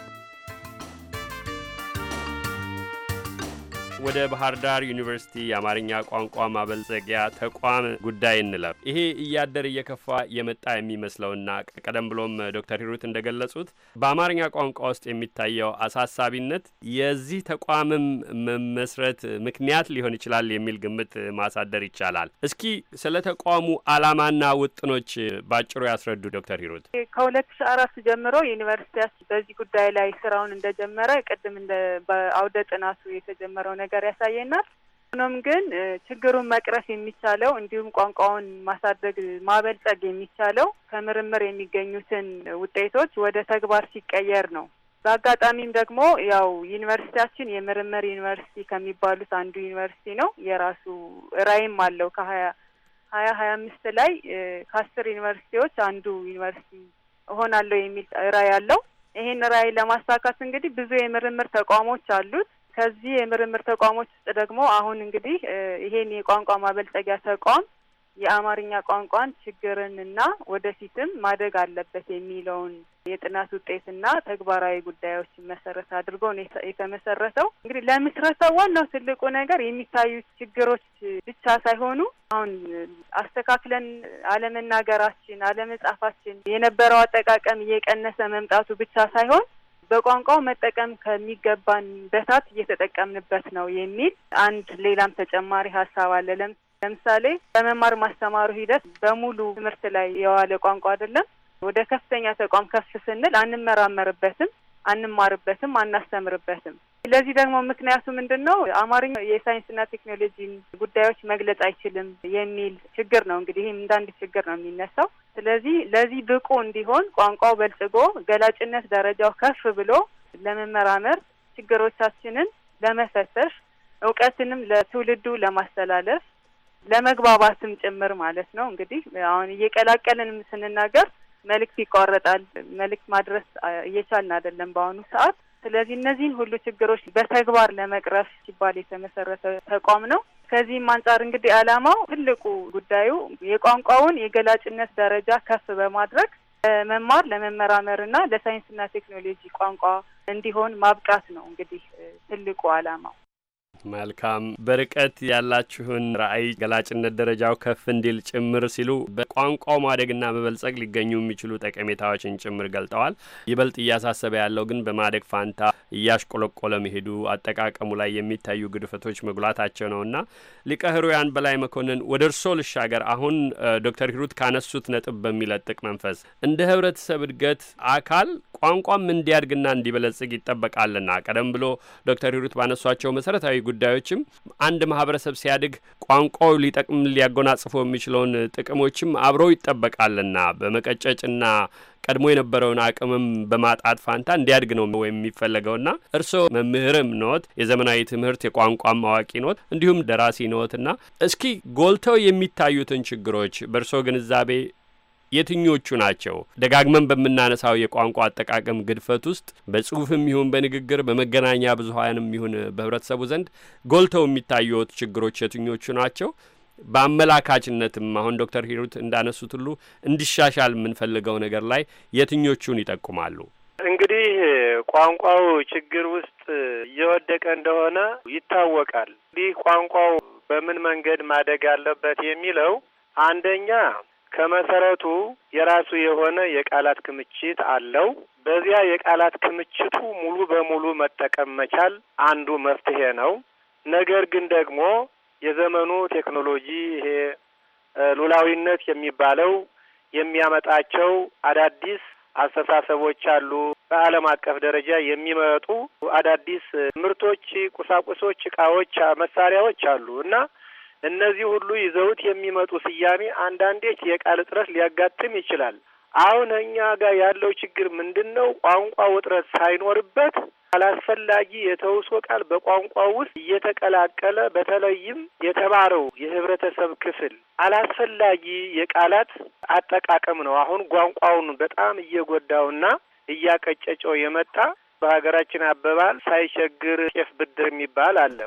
ወደ ባህር ዳር ዩኒቨርሲቲ የአማርኛ ቋንቋ ማበልጸጊያ ተቋም ጉዳይ እንለፍ። ይሄ እያደር እየከፋ የመጣ የሚመስለውና ቀደም ብሎም ዶክተር ሂሩት እንደገለጹት በአማርኛ ቋንቋ ውስጥ የሚታየው አሳሳቢነት የዚህ ተቋምም መመስረት ምክንያት ሊሆን ይችላል የሚል ግምት ማሳደር ይቻላል። እስኪ ስለ ተቋሙ ዓላማና ውጥኖች ባጭሩ ያስረዱ ዶክተር ሂሩት። ከሁለት ሺ አራት ጀምሮ ዩኒቨርሲቲ በዚህ ጉዳይ ላይ ስራውን እንደጀመረ ቅድም እንደ በአውደ ጥናቱ የተጀመረው ነገር ነገር ያሳየናል። ሆኖም ግን ችግሩን መቅረፍ የሚቻለው እንዲሁም ቋንቋውን ማሳደግ ማበልጸግ የሚቻለው ከምርምር የሚገኙትን ውጤቶች ወደ ተግባር ሲቀየር ነው። በአጋጣሚም ደግሞ ያው ዩኒቨርሲቲያችን የምርምር ዩኒቨርሲቲ ከሚባሉት አንዱ ዩኒቨርሲቲ ነው። የራሱ ራዕይም አለው ከሀያ ሀያ ሀያ አምስት ላይ ከአስር ዩኒቨርሲቲዎች አንዱ ዩኒቨርሲቲ እሆናለሁ የሚል ራዕይ አለው። ይህን ራዕይ ለማሳካት እንግዲህ ብዙ የምርምር ተቋሞች አሉት። ከዚህ የምርምር ተቋሞች ውስጥ ደግሞ አሁን እንግዲህ ይሄን የቋንቋ ማበልጸጊያ ተቋም የአማርኛ ቋንቋን ችግርንና ወደፊትም ማደግ አለበት የሚለውን የጥናት ውጤትና ተግባራዊ ጉዳዮችን መሰረት አድርጎ የተመሰረተው። እንግዲህ ለምስረተው ዋናው ትልቁ ነገር የሚታዩት ችግሮች ብቻ ሳይሆኑ አሁን አስተካክለን አለመናገራችን፣ አለመጻፋችን፣ የነበረው አጠቃቀም እየቀነሰ መምጣቱ ብቻ ሳይሆን በቋንቋው መጠቀም ከሚገባን በታት እየተጠቀምንበት ነው የሚል አንድ ሌላም ተጨማሪ ሀሳብ አለ። ለምሳሌ በመማር ማስተማሩ ሂደት በሙሉ ትምህርት ላይ የዋለ ቋንቋ አይደለም። ወደ ከፍተኛ ተቋም ከፍ ስንል አንመራመርበትም፣ አንማርበትም፣ አናስተምርበትም። ለዚህ ደግሞ ምክንያቱ ምንድን ነው? አማርኛ የሳይንስና ቴክኖሎጂን ጉዳዮች መግለጽ አይችልም የሚል ችግር ነው። እንግዲህ ይህም እንዳንድ ችግር ነው የሚነሳው። ስለዚህ ለዚህ ብቁ እንዲሆን ቋንቋው በልጽጎ ገላጭነት ደረጃው ከፍ ብሎ ለመመራመር ችግሮቻችንን ለመፈተሽ እውቀትንም ለትውልዱ ለማስተላለፍ ለመግባባትም ጭምር ማለት ነው። እንግዲህ አሁን እየቀላቀልን ስንናገር መልእክት ይቋረጣል። መልእክት ማድረስ እየቻልን አይደለም በአሁኑ ሰዓት። ስለዚህ እነዚህን ሁሉ ችግሮች በተግባር ለመቅረፍ ሲባል የተመሰረተ ተቋም ነው። ከዚህም አንጻር እንግዲህ ዓላማው ትልቁ ጉዳዩ የቋንቋውን የገላጭነት ደረጃ ከፍ በማድረግ ለመመራመር ለመመራመርና ለሳይንስና ቴክኖሎጂ ቋንቋ እንዲሆን ማብቃት ነው። እንግዲህ ትልቁ ዓላማው መልካም በርቀት ያላችሁን ራዕይ ገላጭነት ደረጃው ከፍ እንዲል ጭምር ሲሉ በቋንቋው ማደግና መበልጸግ ሊገኙ የሚችሉ ጠቀሜታዎችን ጭምር ገልጠዋል። ይበልጥ እያሳሰበ ያለው ግን በማደግ ፋንታ እያሽቆለቆለ መሄዱ፣ አጠቃቀሙ ላይ የሚታዩ ግድፈቶች መጉላታቸው ነውና ሊቀ ሕሩያን በላይ መኮንን ወደ እርስዎ ልሻገር። አሁን ዶክተር ሂሩት ካነሱት ነጥብ በሚለጥቅ መንፈስ እንደ ህብረተሰብ እድገት አካል ቋንቋም እንዲያድግና እንዲበለጽግ ይጠበቃልና ቀደም ብሎ ዶክተር ሂሩት ባነሷቸው መሰረታዊ ጉዳዮችም አንድ ማህበረሰብ ሲያድግ ቋንቋው ሊጠቅም ሊያጎናጽፎ የሚችለውን ጥቅሞችም አብረው ይጠበቃልና በመቀጨጭና ቀድሞ የነበረውን አቅምም በማጣት ፋንታ እንዲያድግ ነው ወይም የሚፈለገውና እርስዎ መምህርም ኖት፣ የዘመናዊ ትምህርት የቋንቋም አዋቂ ኖት፣ እንዲሁም ደራሲ ኖትና እስኪ ጎልተው የሚታዩትን ችግሮች በእርስዎ ግንዛቤ የትኞቹ ናቸው? ደጋግመን በምናነሳው የቋንቋ አጠቃቀም ግድፈት ውስጥ በጽሁፍም ይሁን በንግግር በመገናኛ ብዙሀንም ይሁን በህብረተሰቡ ዘንድ ጎልተው የሚታዩት ችግሮች የትኞቹ ናቸው? በአመላካችነትም አሁን ዶክተር ሂሩት እንዳነሱት ሁሉ እንዲሻሻል የምንፈልገው ነገር ላይ የትኞቹን ይጠቁማሉ? እንግዲህ ቋንቋው ችግር ውስጥ እየወደቀ እንደሆነ ይታወቃል። እንዲህ ቋንቋው በምን መንገድ ማደግ አለበት የሚለው አንደኛ ከመሰረቱ የራሱ የሆነ የቃላት ክምችት አለው። በዚያ የቃላት ክምችቱ ሙሉ በሙሉ መጠቀም መቻል አንዱ መፍትሄ ነው። ነገር ግን ደግሞ የዘመኑ ቴክኖሎጂ ይሄ ሉላዊነት የሚባለው የሚያመጣቸው አዳዲስ አስተሳሰቦች አሉ። በዓለም አቀፍ ደረጃ የሚመጡ አዳዲስ ምርቶች፣ ቁሳቁሶች፣ እቃዎች፣ መሳሪያዎች አሉ እና እነዚህ ሁሉ ይዘውት የሚመጡ ስያሜ አንዳንዴች የቃል እጥረት ሊያጋጥም ይችላል። አሁን እኛ ጋር ያለው ችግር ምንድን ነው? ቋንቋ ውጥረት ሳይኖርበት አላስፈላጊ የተውሶ ቃል በቋንቋ ውስጥ እየተቀላቀለ በተለይም የተማረው የህብረተሰብ ክፍል አላስፈላጊ የቃላት አጠቃቀም ነው አሁን ቋንቋውን በጣም እየጎዳውና እያቀጨጨው የመጣ በሀገራችን አበባል ሳይቸግር ጤፍ ብድር የሚባል አለ።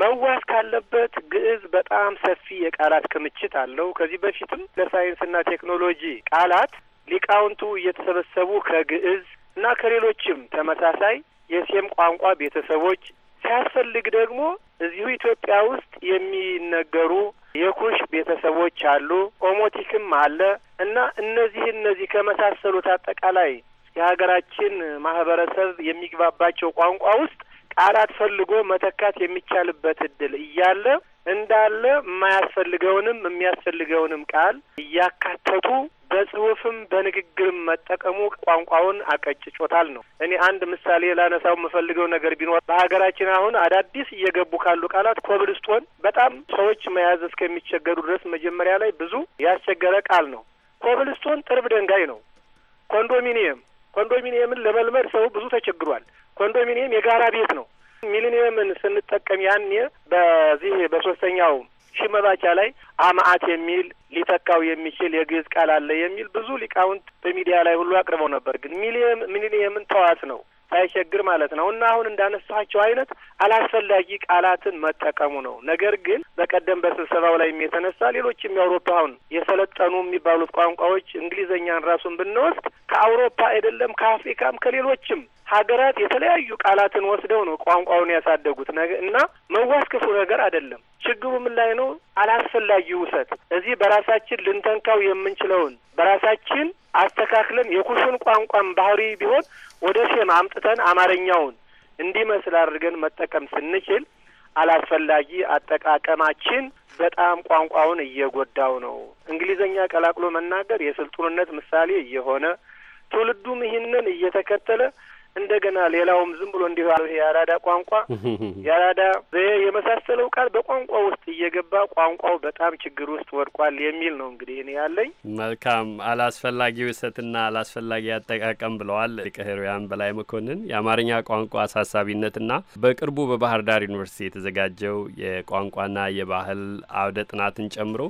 መዋስ ካለበት ግዕዝ በጣም ሰፊ የቃላት ክምችት አለው። ከዚህ በፊትም ለሳይንስና ቴክኖሎጂ ቃላት ሊቃውንቱ እየተሰበሰቡ ከግዕዝ እና ከሌሎችም ተመሳሳይ የሴም ቋንቋ ቤተሰቦች ሲያስፈልግ ደግሞ እዚሁ ኢትዮጵያ ውስጥ የሚነገሩ የኩሽ ቤተሰቦች አሉ። ኦሞቲክም አለ እና እነዚህ እነዚህ ከመሳሰሉት አጠቃላይ የሀገራችን ማህበረሰብ የሚግባባቸው ቋንቋ ውስጥ ቃላት ፈልጎ መተካት የሚቻልበት እድል እያለ እንዳለ የማያስፈልገውንም የሚያስፈልገውንም ቃል እያካተቱ በጽሁፍም በንግግርም መጠቀሙ ቋንቋውን አቀጭጮታል ነው። እኔ አንድ ምሳሌ ላነሳው የምፈልገው ነገር ቢኖር በሀገራችን አሁን አዳዲስ እየገቡ ካሉ ቃላት ኮብልስቶን በጣም ሰዎች መያዝ እስከሚቸገሩ ድረስ መጀመሪያ ላይ ብዙ ያስቸገረ ቃል ነው። ኮብልስቶን ጥርብ ድንጋይ ነው። ኮንዶሚኒየም ኮንዶሚኒየምን ለመልመድ ሰው ብዙ ተቸግሯል። ኮንዶሚኒየም የጋራ ቤት ነው። ሚሊኒየምን ስንጠቀም ያኔ በዚህ በሶስተኛው ሺህ መባቻ ላይ አማአት የሚል ሊተካው የሚችል የግዕዝ ቃል አለ የሚል ብዙ ሊቃውንት በሚዲያ ላይ ሁሉ አቅርበው ነበር። ግን ሚሊየም ሚሊኒየምን ተዋት ነው ሳይቸግር ማለት ነው እና አሁን እንዳነሳቸው አይነት አላስፈላጊ ቃላትን መጠቀሙ ነው። ነገር ግን በቀደም በስብሰባው ላይ የተነሳ ሌሎችም የአውሮፓ አሁን የሰለጠኑ የሚባሉት ቋንቋዎች እንግሊዝኛን ራሱን ብንወስድ ከአውሮፓ አይደለም ከአፍሪካም ከሌሎችም ሀገራት የተለያዩ ቃላትን ወስደው ነው ቋንቋውን ያሳደጉት እና መዋስ ክፉ ነገር አይደለም። ችግሩ ምን ላይ ነው? አላስፈላጊ ውሰት እዚህ በራሳችን ልንተንካው የምንችለውን በራሳችን አስተካክለን የኩሹን ቋንቋን ባህሪ ቢሆን ወደ ሴም አምጥተን አማርኛውን እንዲመስል አድርገን መጠቀም ስንችል አላስፈላጊ አጠቃቀማችን በጣም ቋንቋውን እየጎዳው ነው። እንግሊዘኛ ቀላቅሎ መናገር የስልጡንነት ምሳሌ እየሆነ ትውልዱም ይህንን እየተከተለ እንደገና ሌላውም ዝም ብሎ እንዲሁ የአራዳ ቋንቋ <laughs> የአራዳ ዘዬ የመሳሰለው ቃል በቋንቋ ውስጥ እየገባ ቋንቋው በጣም ችግር ውስጥ ወድቋል የሚል ነው እንግዲህ እኔ ያለኝ። መልካም አላስፈላጊ ውሰትና አላስፈላጊ አጠቃቀም ብለዋል ሊቀ ሕሩያን በላይ መኮንን። የአማርኛ ቋንቋ አሳሳቢነትና በቅርቡ በባህር ዳር ዩኒቨርሲቲ የተዘጋጀው የቋንቋና የባህል አውደ ጥናትን ጨምሮ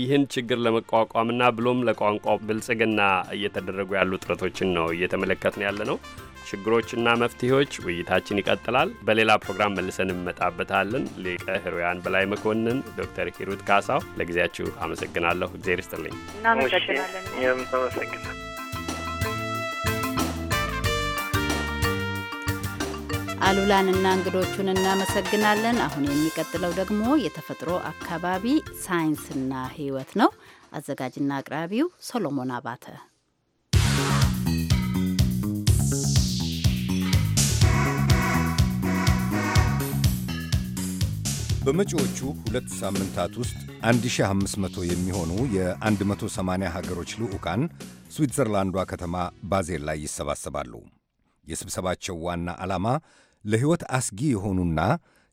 ይህን ችግር ለመቋቋምና ብሎም ለቋንቋ ብልጽግና እየተደረጉ ያሉ ጥረቶችን ነው እየተመለከትን ያለ ነው። ችግሮችና መፍትሄዎች ውይይታችን ይቀጥላል። በሌላ ፕሮግራም መልሰን እንመጣበታለን። ሊቀ ሕሩያን በላይ መኮንን፣ ዶክተር ሂሩት ካሳው ለጊዜያችሁ አመሰግናለሁ። እግዜር ይስጥልኝ። እናመሰግናለን። አሉላንና እንግዶቹን እናመሰግናለን። አሁን የሚቀጥለው ደግሞ የተፈጥሮ አካባቢ ሳይንስና ሕይወት ነው። አዘጋጅና አቅራቢው ሶሎሞን አባተ በመጪዎቹ ሁለት ሳምንታት ውስጥ 1500 የሚሆኑ የ180 ሀገሮች ልዑካን ስዊትዘርላንዷ ከተማ ባዜል ላይ ይሰባሰባሉ። የስብሰባቸው ዋና ዓላማ ለሕይወት አስጊ የሆኑና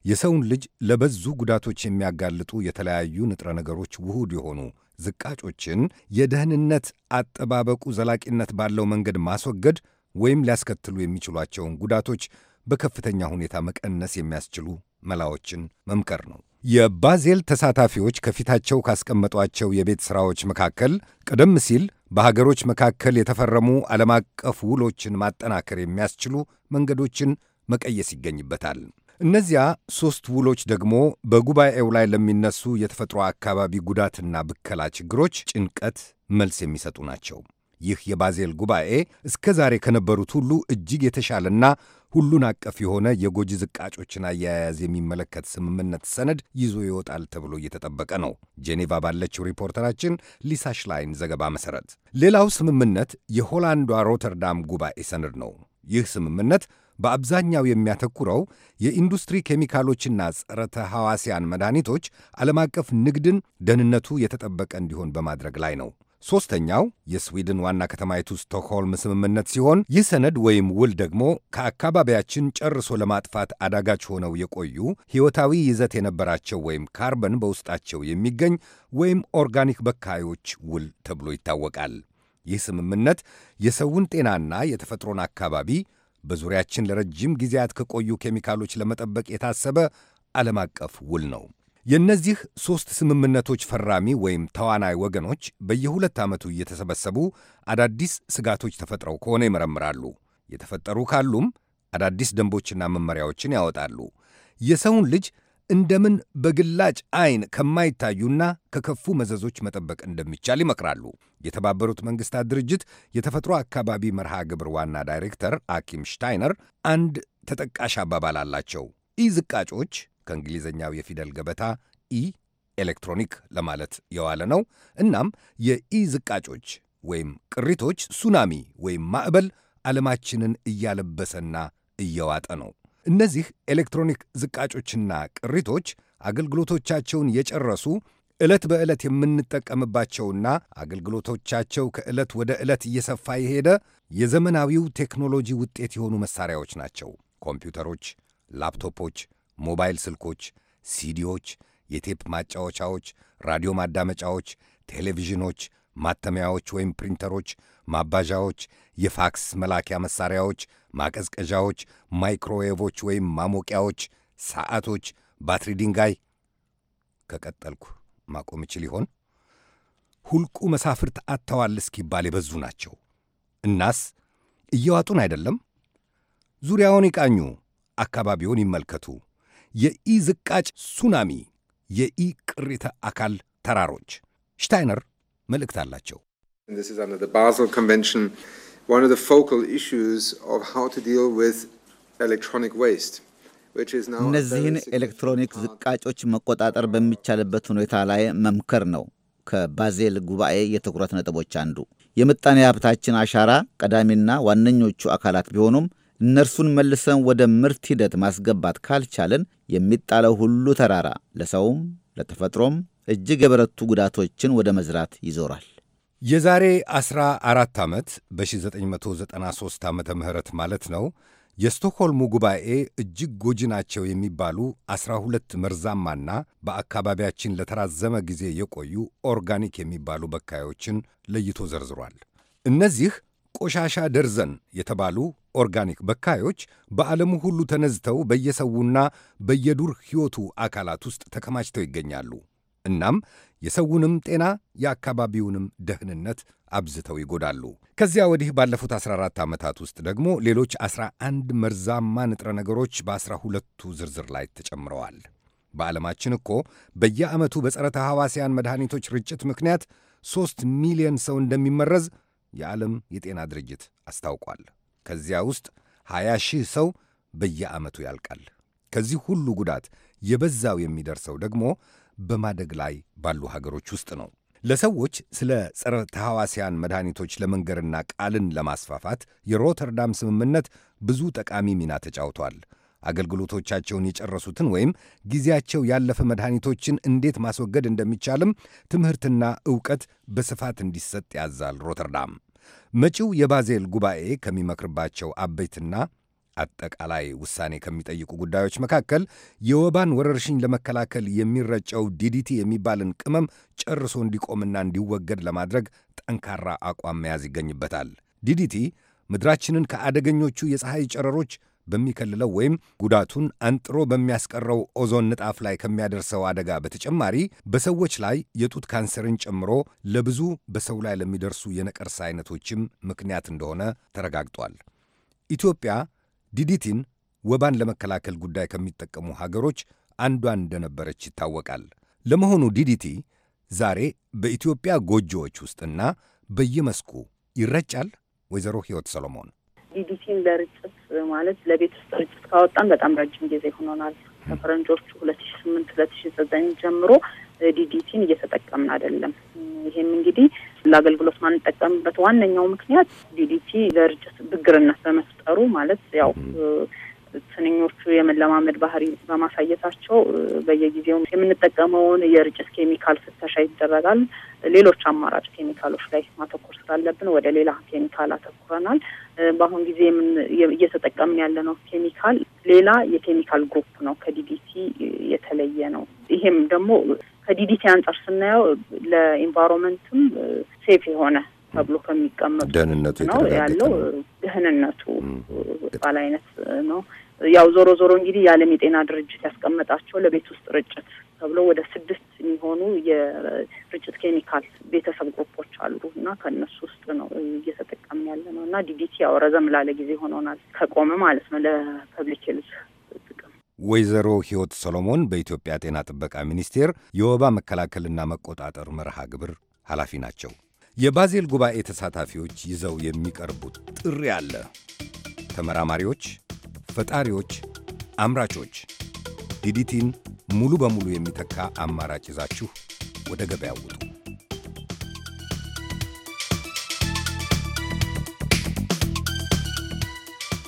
የሰውን ልጅ ለበዙ ጉዳቶች የሚያጋልጡ የተለያዩ ንጥረ ነገሮች ውሁድ የሆኑ ዝቃጮችን የደህንነት አጠባበቁ ዘላቂነት ባለው መንገድ ማስወገድ ወይም ሊያስከትሉ የሚችሏቸውን ጉዳቶች በከፍተኛ ሁኔታ መቀነስ የሚያስችሉ መላዎችን መምከር ነው። የባዜል ተሳታፊዎች ከፊታቸው ካስቀመጧቸው የቤት ሥራዎች መካከል ቀደም ሲል በሀገሮች መካከል የተፈረሙ ዓለም አቀፍ ውሎችን ማጠናከር የሚያስችሉ መንገዶችን መቀየስ ይገኝበታል። እነዚያ ሦስት ውሎች ደግሞ በጉባኤው ላይ ለሚነሱ የተፈጥሮ አካባቢ ጉዳትና ብከላ ችግሮች ጭንቀት መልስ የሚሰጡ ናቸው። ይህ የባዜል ጉባኤ እስከ ዛሬ ከነበሩት ሁሉ እጅግ የተሻለና ሁሉን አቀፍ የሆነ የጎጂ ዝቃጮችን አያያዝ የሚመለከት ስምምነት ሰነድ ይዞ ይወጣል ተብሎ እየተጠበቀ ነው። ጄኔቫ ባለችው ሪፖርተራችን ሊሳ ሽላይን ዘገባ መሠረት ሌላው ስምምነት የሆላንዷ ሮተርዳም ጉባኤ ሰነድ ነው። ይህ ስምምነት በአብዛኛው የሚያተኩረው የኢንዱስትሪ ኬሚካሎችና ጸረ ተሐዋስያን መድኃኒቶች ዓለም አቀፍ ንግድን ደህንነቱ የተጠበቀ እንዲሆን በማድረግ ላይ ነው። ሦስተኛው የስዊድን ዋና ከተማይቱ ስቶክሆልም ስምምነት ሲሆን ይህ ሰነድ ወይም ውል ደግሞ ከአካባቢያችን ጨርሶ ለማጥፋት አዳጋች ሆነው የቆዩ ሕይወታዊ ይዘት የነበራቸው ወይም ካርበን በውስጣቸው የሚገኝ ወይም ኦርጋኒክ በካዮች ውል ተብሎ ይታወቃል። ይህ ስምምነት የሰውን ጤናና የተፈጥሮን አካባቢ በዙሪያችን ለረጅም ጊዜያት ከቆዩ ኬሚካሎች ለመጠበቅ የታሰበ ዓለም አቀፍ ውል ነው። የእነዚህ ሦስት ስምምነቶች ፈራሚ ወይም ተዋናይ ወገኖች በየሁለት ዓመቱ እየተሰበሰቡ አዳዲስ ስጋቶች ተፈጥረው ከሆነ ይመረምራሉ። የተፈጠሩ ካሉም አዳዲስ ደንቦችና መመሪያዎችን ያወጣሉ። የሰውን ልጅ እንደምን በግላጭ አይን ከማይታዩና ከከፉ መዘዞች መጠበቅ እንደሚቻል ይመክራሉ። የተባበሩት መንግስታት ድርጅት የተፈጥሮ አካባቢ መርሃ ግብር ዋና ዳይሬክተር አኪም ሽታይነር አንድ ተጠቃሽ አባባል አላቸው። ኢ ዝቃጮች ከእንግሊዝኛው የፊደል ገበታ ኢ ኤሌክትሮኒክ ለማለት የዋለ ነው። እናም የኢ ዝቃጮች ወይም ቅሪቶች ሱናሚ ወይም ማዕበል ዓለማችንን እያለበሰና እየዋጠ ነው። እነዚህ ኤሌክትሮኒክ ዝቃጮችና ቅሪቶች አገልግሎቶቻቸውን የጨረሱ ዕለት በዕለት የምንጠቀምባቸውና አገልግሎቶቻቸው ከዕለት ወደ ዕለት እየሰፋ የሄደ የዘመናዊው ቴክኖሎጂ ውጤት የሆኑ መሳሪያዎች ናቸው። ኮምፒውተሮች፣ ላፕቶፖች፣ ሞባይል ስልኮች፣ ሲዲዎች፣ የቴፕ ማጫወቻዎች፣ ራዲዮ ማዳመጫዎች፣ ቴሌቪዥኖች፣ ማተሚያዎች ወይም ፕሪንተሮች፣ ማባዣዎች፣ የፋክስ መላኪያ መሣሪያዎች፣ ማቀዝቀዣዎች፣ ማይክሮዌቮች ወይም ማሞቂያዎች፣ ሰዓቶች፣ ባትሪ ድንጋይ። ከቀጠልኩ ማቆም ይችል ይሆን? ሁልቁ መሳፍርት አጥተዋል እስኪባል የበዙ ናቸው። እናስ እየዋጡን አይደለም? ዙሪያውን ይቃኙ፣ አካባቢውን ይመልከቱ። የኢ ዝቃጭ ሱናሚ፣ የኢ ቅሪተ አካል ተራሮች። ሽታይነር መልእክት አላቸው። እነዚህን ኤሌክትሮኒክ ዝቃጮች መቆጣጠር በሚቻልበት ሁኔታ ላይ መምከር ነው ከባዜል ጉባኤ የትኩረት ነጥቦች አንዱ። የምጣኔ ሀብታችን አሻራ ቀዳሚና ዋነኞቹ አካላት ቢሆኑም እነርሱን መልሰን ወደ ምርት ሂደት ማስገባት ካልቻለን የሚጣለው ሁሉ ተራራ ለሰውም ለተፈጥሮም እጅግ የበረቱ ጉዳቶችን ወደ መዝራት ይዞራል። የዛሬ 14 ዓመት በ1993 ዓመተ ምህረት ማለት ነው። የስቶክሆልሙ ጉባኤ እጅግ ጎጂ ናቸው የሚባሉ 12 መርዛማና በአካባቢያችን ለተራዘመ ጊዜ የቆዩ ኦርጋኒክ የሚባሉ በካዮችን ለይቶ ዘርዝሯል። እነዚህ ቆሻሻ ደርዘን የተባሉ ኦርጋኒክ በካዮች በዓለሙ ሁሉ ተነዝተው በየሰውና በየዱር ሕይወቱ አካላት ውስጥ ተከማችተው ይገኛሉ። እናም የሰውንም ጤና የአካባቢውንም ደህንነት አብዝተው ይጎዳሉ። ከዚያ ወዲህ ባለፉት 14 ዓመታት ውስጥ ደግሞ ሌሎች 11 መርዛማ ንጥረ ነገሮች በአስራ ሁለቱ ዝርዝር ላይ ተጨምረዋል። በዓለማችን እኮ በየዓመቱ በጸረ ተሐዋስያን መድኃኒቶች ርጭት ምክንያት 3 ሚሊዮን ሰው እንደሚመረዝ የዓለም የጤና ድርጅት አስታውቋል። ከዚያ ውስጥ 20 ሺህ ሰው በየዓመቱ ያልቃል። ከዚህ ሁሉ ጉዳት የበዛው የሚደርሰው ደግሞ በማደግ ላይ ባሉ ሀገሮች ውስጥ ነው። ለሰዎች ስለ ጸረ ተሐዋስያን መድኃኒቶች ለመንገርና ቃልን ለማስፋፋት የሮተርዳም ስምምነት ብዙ ጠቃሚ ሚና ተጫውቷል። አገልግሎቶቻቸውን የጨረሱትን ወይም ጊዜያቸው ያለፈ መድኃኒቶችን እንዴት ማስወገድ እንደሚቻልም ትምህርትና ዕውቀት በስፋት እንዲሰጥ ያዛል። ሮተርዳም መጪው የባዜል ጉባኤ ከሚመክርባቸው አበይትና አጠቃላይ ውሳኔ ከሚጠይቁ ጉዳዮች መካከል የወባን ወረርሽኝ ለመከላከል የሚረጨው ዲዲቲ የሚባልን ቅመም ጨርሶ እንዲቆምና እንዲወገድ ለማድረግ ጠንካራ አቋም መያዝ ይገኝበታል። ዲዲቲ ምድራችንን ከአደገኞቹ የፀሐይ ጨረሮች በሚከልለው ወይም ጉዳቱን አንጥሮ በሚያስቀረው ኦዞን ንጣፍ ላይ ከሚያደርሰው አደጋ በተጨማሪ በሰዎች ላይ የጡት ካንሰርን ጨምሮ ለብዙ በሰው ላይ ለሚደርሱ የነቀርሳ አይነቶችም ምክንያት እንደሆነ ተረጋግጧል። ኢትዮጵያ ዲዲቲን ወባን ለመከላከል ጉዳይ ከሚጠቀሙ ሀገሮች አንዷ እንደነበረች ይታወቃል። ለመሆኑ ዲዲቲ ዛሬ በኢትዮጵያ ጎጆዎች ውስጥና በየመስኩ ይረጫል? ወይዘሮ ህይወት ሰሎሞን ዲዲቲን ለርጭት ማለት ለቤት ውስጥ ርጭት ካወጣን በጣም ረጅም ጊዜ ሆኖናል። ከፈረንጆቹ ሁለት ሺ ስምንት ሁለት ሺ ዘጠኝ ጀምሮ ዲዲቲን እየተጠቀምን አይደለም። ይህም እንግዲህ ለአገልግሎት ማንጠቀምበት ዋነኛው ምክንያት ዲዲቲ ለርጭት ብግርነት በመፍጠሩ ማለት ያው ትንኞቹ የመለማመድ ባህሪ በማሳየታቸው በየጊዜው የምንጠቀመውን የርጭት ኬሚካል ፍተሻ ይደረጋል። ሌሎች አማራጭ ኬሚካሎች ላይ ማተኮር ስላለብን ወደ ሌላ ኬሚካል አተኩረናል። በአሁን ጊዜ እየተጠቀምን ያለነው ኬሚካል ሌላ የኬሚካል ግሩፕ ነው፣ ከዲዲቲ የተለየ ነው። ይሄም ደግሞ ከዲዲቲ አንጻር ስናየው ለኢንቫይሮንመንትም ሴፍ የሆነ ተብሎ ከሚቀመጡ ነው ያለው። ደህንነቱ ባል አይነት ነው። ያው ዞሮ ዞሮ እንግዲህ የዓለም የጤና ድርጅት ያስቀመጣቸው ለቤት ውስጥ ርጭት ተብሎ ወደ ስድስት የሚሆኑ የርጭት ኬሚካል ቤተሰብ ግሩፖች አሉ እና ከእነሱ ውስጥ ነው እየተጠቀምን ያለ ነው እና ዲዲቲ ያው ረዘም ላለ ጊዜ ሆኖናል ከቆመ ማለት ነው ለፐብሊክ ሄልዝ ወይዘሮ ህይወት ሰሎሞን በኢትዮጵያ ጤና ጥበቃ ሚኒስቴር የወባ መከላከልና መቆጣጠር መርሃ ግብር ኃላፊ ናቸው። የባዜል ጉባኤ ተሳታፊዎች ይዘው የሚቀርቡት ጥሪ አለ። ተመራማሪዎች ፈጣሪዎች፣ አምራቾች ዲዲቲን ሙሉ በሙሉ የሚተካ አማራጭ ይዛችሁ ወደ ገበያ ውጡ።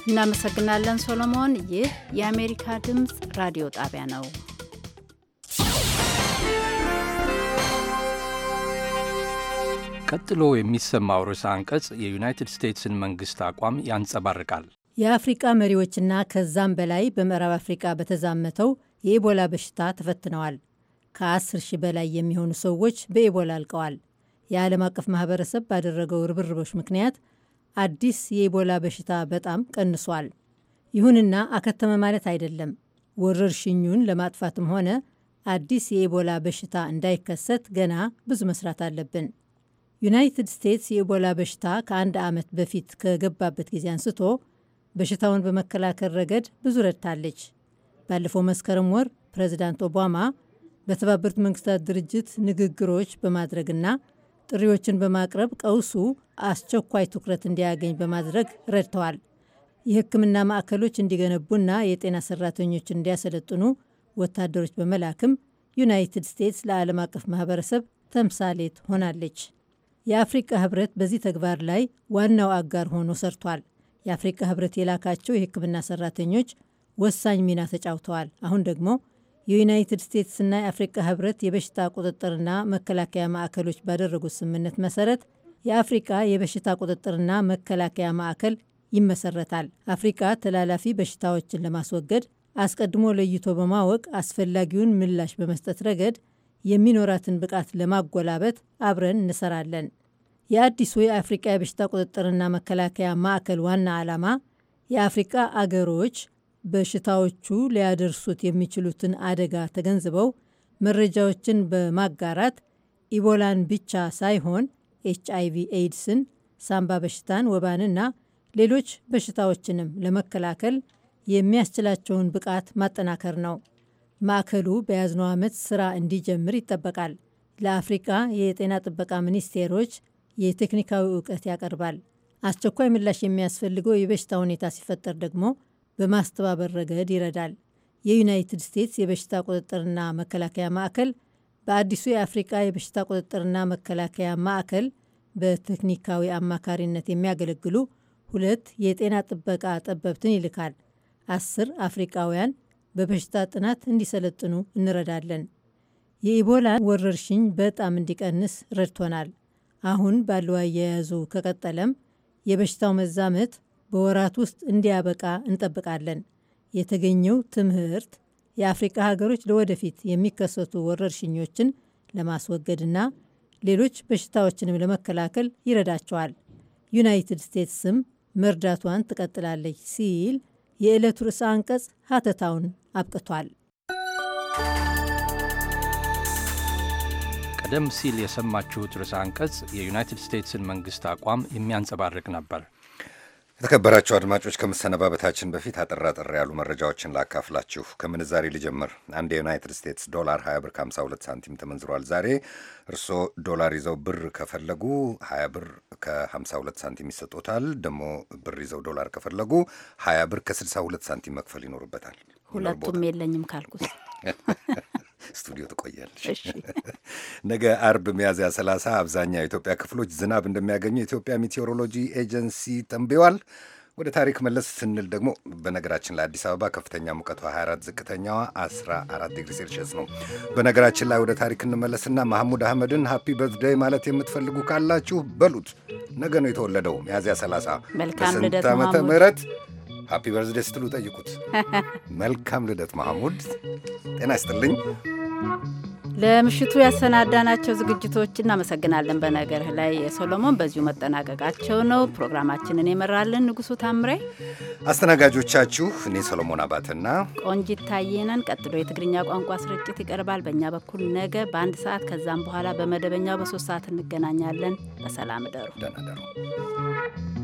እናመሰግናለን ሶሎሞን። ይህ የአሜሪካ ድምፅ ራዲዮ ጣቢያ ነው። ቀጥሎ የሚሰማው ርዕሰ አንቀጽ የዩናይትድ ስቴትስን መንግሥት አቋም ያንጸባርቃል። የአፍሪቃ መሪዎችና ከዛም በላይ በምዕራብ አፍሪቃ በተዛመተው የኢቦላ በሽታ ተፈትነዋል። ከ10 ሺህ በላይ የሚሆኑ ሰዎች በኢቦላ አልቀዋል። የዓለም አቀፍ ማህበረሰብ ባደረገው ርብርቦች ምክንያት አዲስ የኢቦላ በሽታ በጣም ቀንሷል። ይሁንና አከተመ ማለት አይደለም። ወረርሽኙን ለማጥፋትም ሆነ አዲስ የኢቦላ በሽታ እንዳይከሰት ገና ብዙ መስራት አለብን። ዩናይትድ ስቴትስ የኢቦላ በሽታ ከአንድ ዓመት በፊት ከገባበት ጊዜ አንስቶ በሽታውን በመከላከል ረገድ ብዙ ረድታለች። ባለፈው መስከረም ወር ፕሬዚዳንት ኦባማ በተባበሩት መንግስታት ድርጅት ንግግሮች በማድረግና ጥሪዎችን በማቅረብ ቀውሱ አስቸኳይ ትኩረት እንዲያገኝ በማድረግ ረድተዋል። የሕክምና ማዕከሎች እንዲገነቡና የጤና ሰራተኞች እንዲያሰለጥኑ ወታደሮች በመላክም ዩናይትድ ስቴትስ ለዓለም አቀፍ ማህበረሰብ ተምሳሌት ሆናለች። የአፍሪቃ ህብረት በዚህ ተግባር ላይ ዋናው አጋር ሆኖ ሰርቷል። የአፍሪካ ህብረት የላካቸው የህክምና ሰራተኞች ወሳኝ ሚና ተጫውተዋል። አሁን ደግሞ የዩናይትድ ስቴትስና የአፍሪካ ህብረት የበሽታ ቁጥጥርና መከላከያ ማዕከሎች ባደረጉት ስምምነት መሰረት የአፍሪካ የበሽታ ቁጥጥርና መከላከያ ማዕከል ይመሰረታል። አፍሪካ ተላላፊ በሽታዎችን ለማስወገድ አስቀድሞ ለይቶ በማወቅ አስፈላጊውን ምላሽ በመስጠት ረገድ የሚኖራትን ብቃት ለማጎላበት አብረን እንሰራለን። የአዲሱ የአፍሪቃ የበሽታ ቁጥጥርና መከላከያ ማዕከል ዋና ዓላማ የአፍሪቃ አገሮች በሽታዎቹ ሊያደርሱት የሚችሉትን አደጋ ተገንዝበው መረጃዎችን በማጋራት ኢቦላን ብቻ ሳይሆን ኤች አይቪ ኤድስን፣ ሳምባ በሽታን፣ ወባንና ሌሎች በሽታዎችንም ለመከላከል የሚያስችላቸውን ብቃት ማጠናከር ነው። ማዕከሉ በያዝነው ዓመት ስራ እንዲጀምር ይጠበቃል። ለአፍሪቃ የጤና ጥበቃ ሚኒስቴሮች የቴክኒካዊ እውቀት ያቀርባል። አስቸኳይ ምላሽ የሚያስፈልገው የበሽታ ሁኔታ ሲፈጠር ደግሞ በማስተባበር ረገድ ይረዳል። የዩናይትድ ስቴትስ የበሽታ ቁጥጥርና መከላከያ ማዕከል በአዲሱ የአፍሪቃ የበሽታ ቁጥጥርና መከላከያ ማዕከል በቴክኒካዊ አማካሪነት የሚያገለግሉ ሁለት የጤና ጥበቃ ጠበብትን ይልካል። አስር አፍሪቃውያን በበሽታ ጥናት እንዲሰለጥኑ እንረዳለን። የኢቦላ ወረርሽኝ በጣም እንዲቀንስ ረድቶናል። አሁን ባለው አያያዙ ከቀጠለም የበሽታው መዛመት በወራት ውስጥ እንዲያበቃ እንጠብቃለን። የተገኘው ትምህርት የአፍሪቃ ሀገሮች ለወደፊት የሚከሰቱ ወረርሽኞችን ለማስወገድና ሌሎች በሽታዎችንም ለመከላከል ይረዳቸዋል። ዩናይትድ ስቴትስም መርዳቷን ትቀጥላለች ሲል የዕለቱ ርዕሰ አንቀጽ ሀተታውን አብቅቷል። ቀደም ሲል የሰማችሁት ርዕሰ አንቀጽ የዩናይትድ ስቴትስን መንግስት አቋም የሚያንጸባርቅ ነበር። የተከበራችሁ አድማጮች ከመሰነባበታችን በፊት አጠር አጠር ያሉ መረጃዎችን ላካፍላችሁ። ከምንዛሬ ልጀምር። አንድ የዩናይትድ ስቴትስ ዶላር 20 ብር 52 ሳንቲም ተመንዝሯል። ዛሬ እርስዎ ዶላር ይዘው ብር ከፈለጉ 20 ብር ከ52 ሳንቲም ይሰጦታል። ደግሞ ብር ይዘው ዶላር ከፈለጉ 20 ብር ከ62 ሳንቲም መክፈል ይኖርበታል። ሁለቱም የለኝም ካልኩት <laughs> ስቱዲዮ ትቆያለሽ። <laughs> ነገ አርብ ሚያዝያ 30 አብዛኛው የኢትዮጵያ ክፍሎች ዝናብ እንደሚያገኙ የኢትዮጵያ ሜቴዎሮሎጂ ኤጀንሲ ተንብዋል። ወደ ታሪክ መለስ ስንል ደግሞ በነገራችን ላይ አዲስ አበባ ከፍተኛ ሙቀቷ 24፣ ዝቅተኛዋ 14 ዲግሪ ሴልሽስ ነው። በነገራችን ላይ ወደ ታሪክ እንመለስና መሐሙድ አህመድን ሃፒ በርዝደይ ማለት የምትፈልጉ ካላችሁ በሉት። ነገ ነው የተወለደው ሚያዝያ 30 መልካም ልደት ዓመተ ምህረት ሃፒ በርዝዴ ስትሉ ጠይቁት። መልካም ልደት ማሙድ ጤና ይስጥልኝ። ለምሽቱ ያሰናዳናቸው ዝግጅቶች እናመሰግናለን። በነገርህ ላይ ሶሎሞን በዚሁ መጠናቀቃቸው ነው። ፕሮግራማችንን የመራልን ንጉሱ ታምሬ፣ አስተናጋጆቻችሁ እኔ ሶሎሞን አባትና ቆንጂት ታየነን። ቀጥሎ የትግርኛ ቋንቋ ስርጭት ይቀርባል። በእኛ በኩል ነገ በአንድ ሰዓት ከዛም በኋላ በመደበኛው በሶስት ሰዓት እንገናኛለን። በሰላም እደሩ።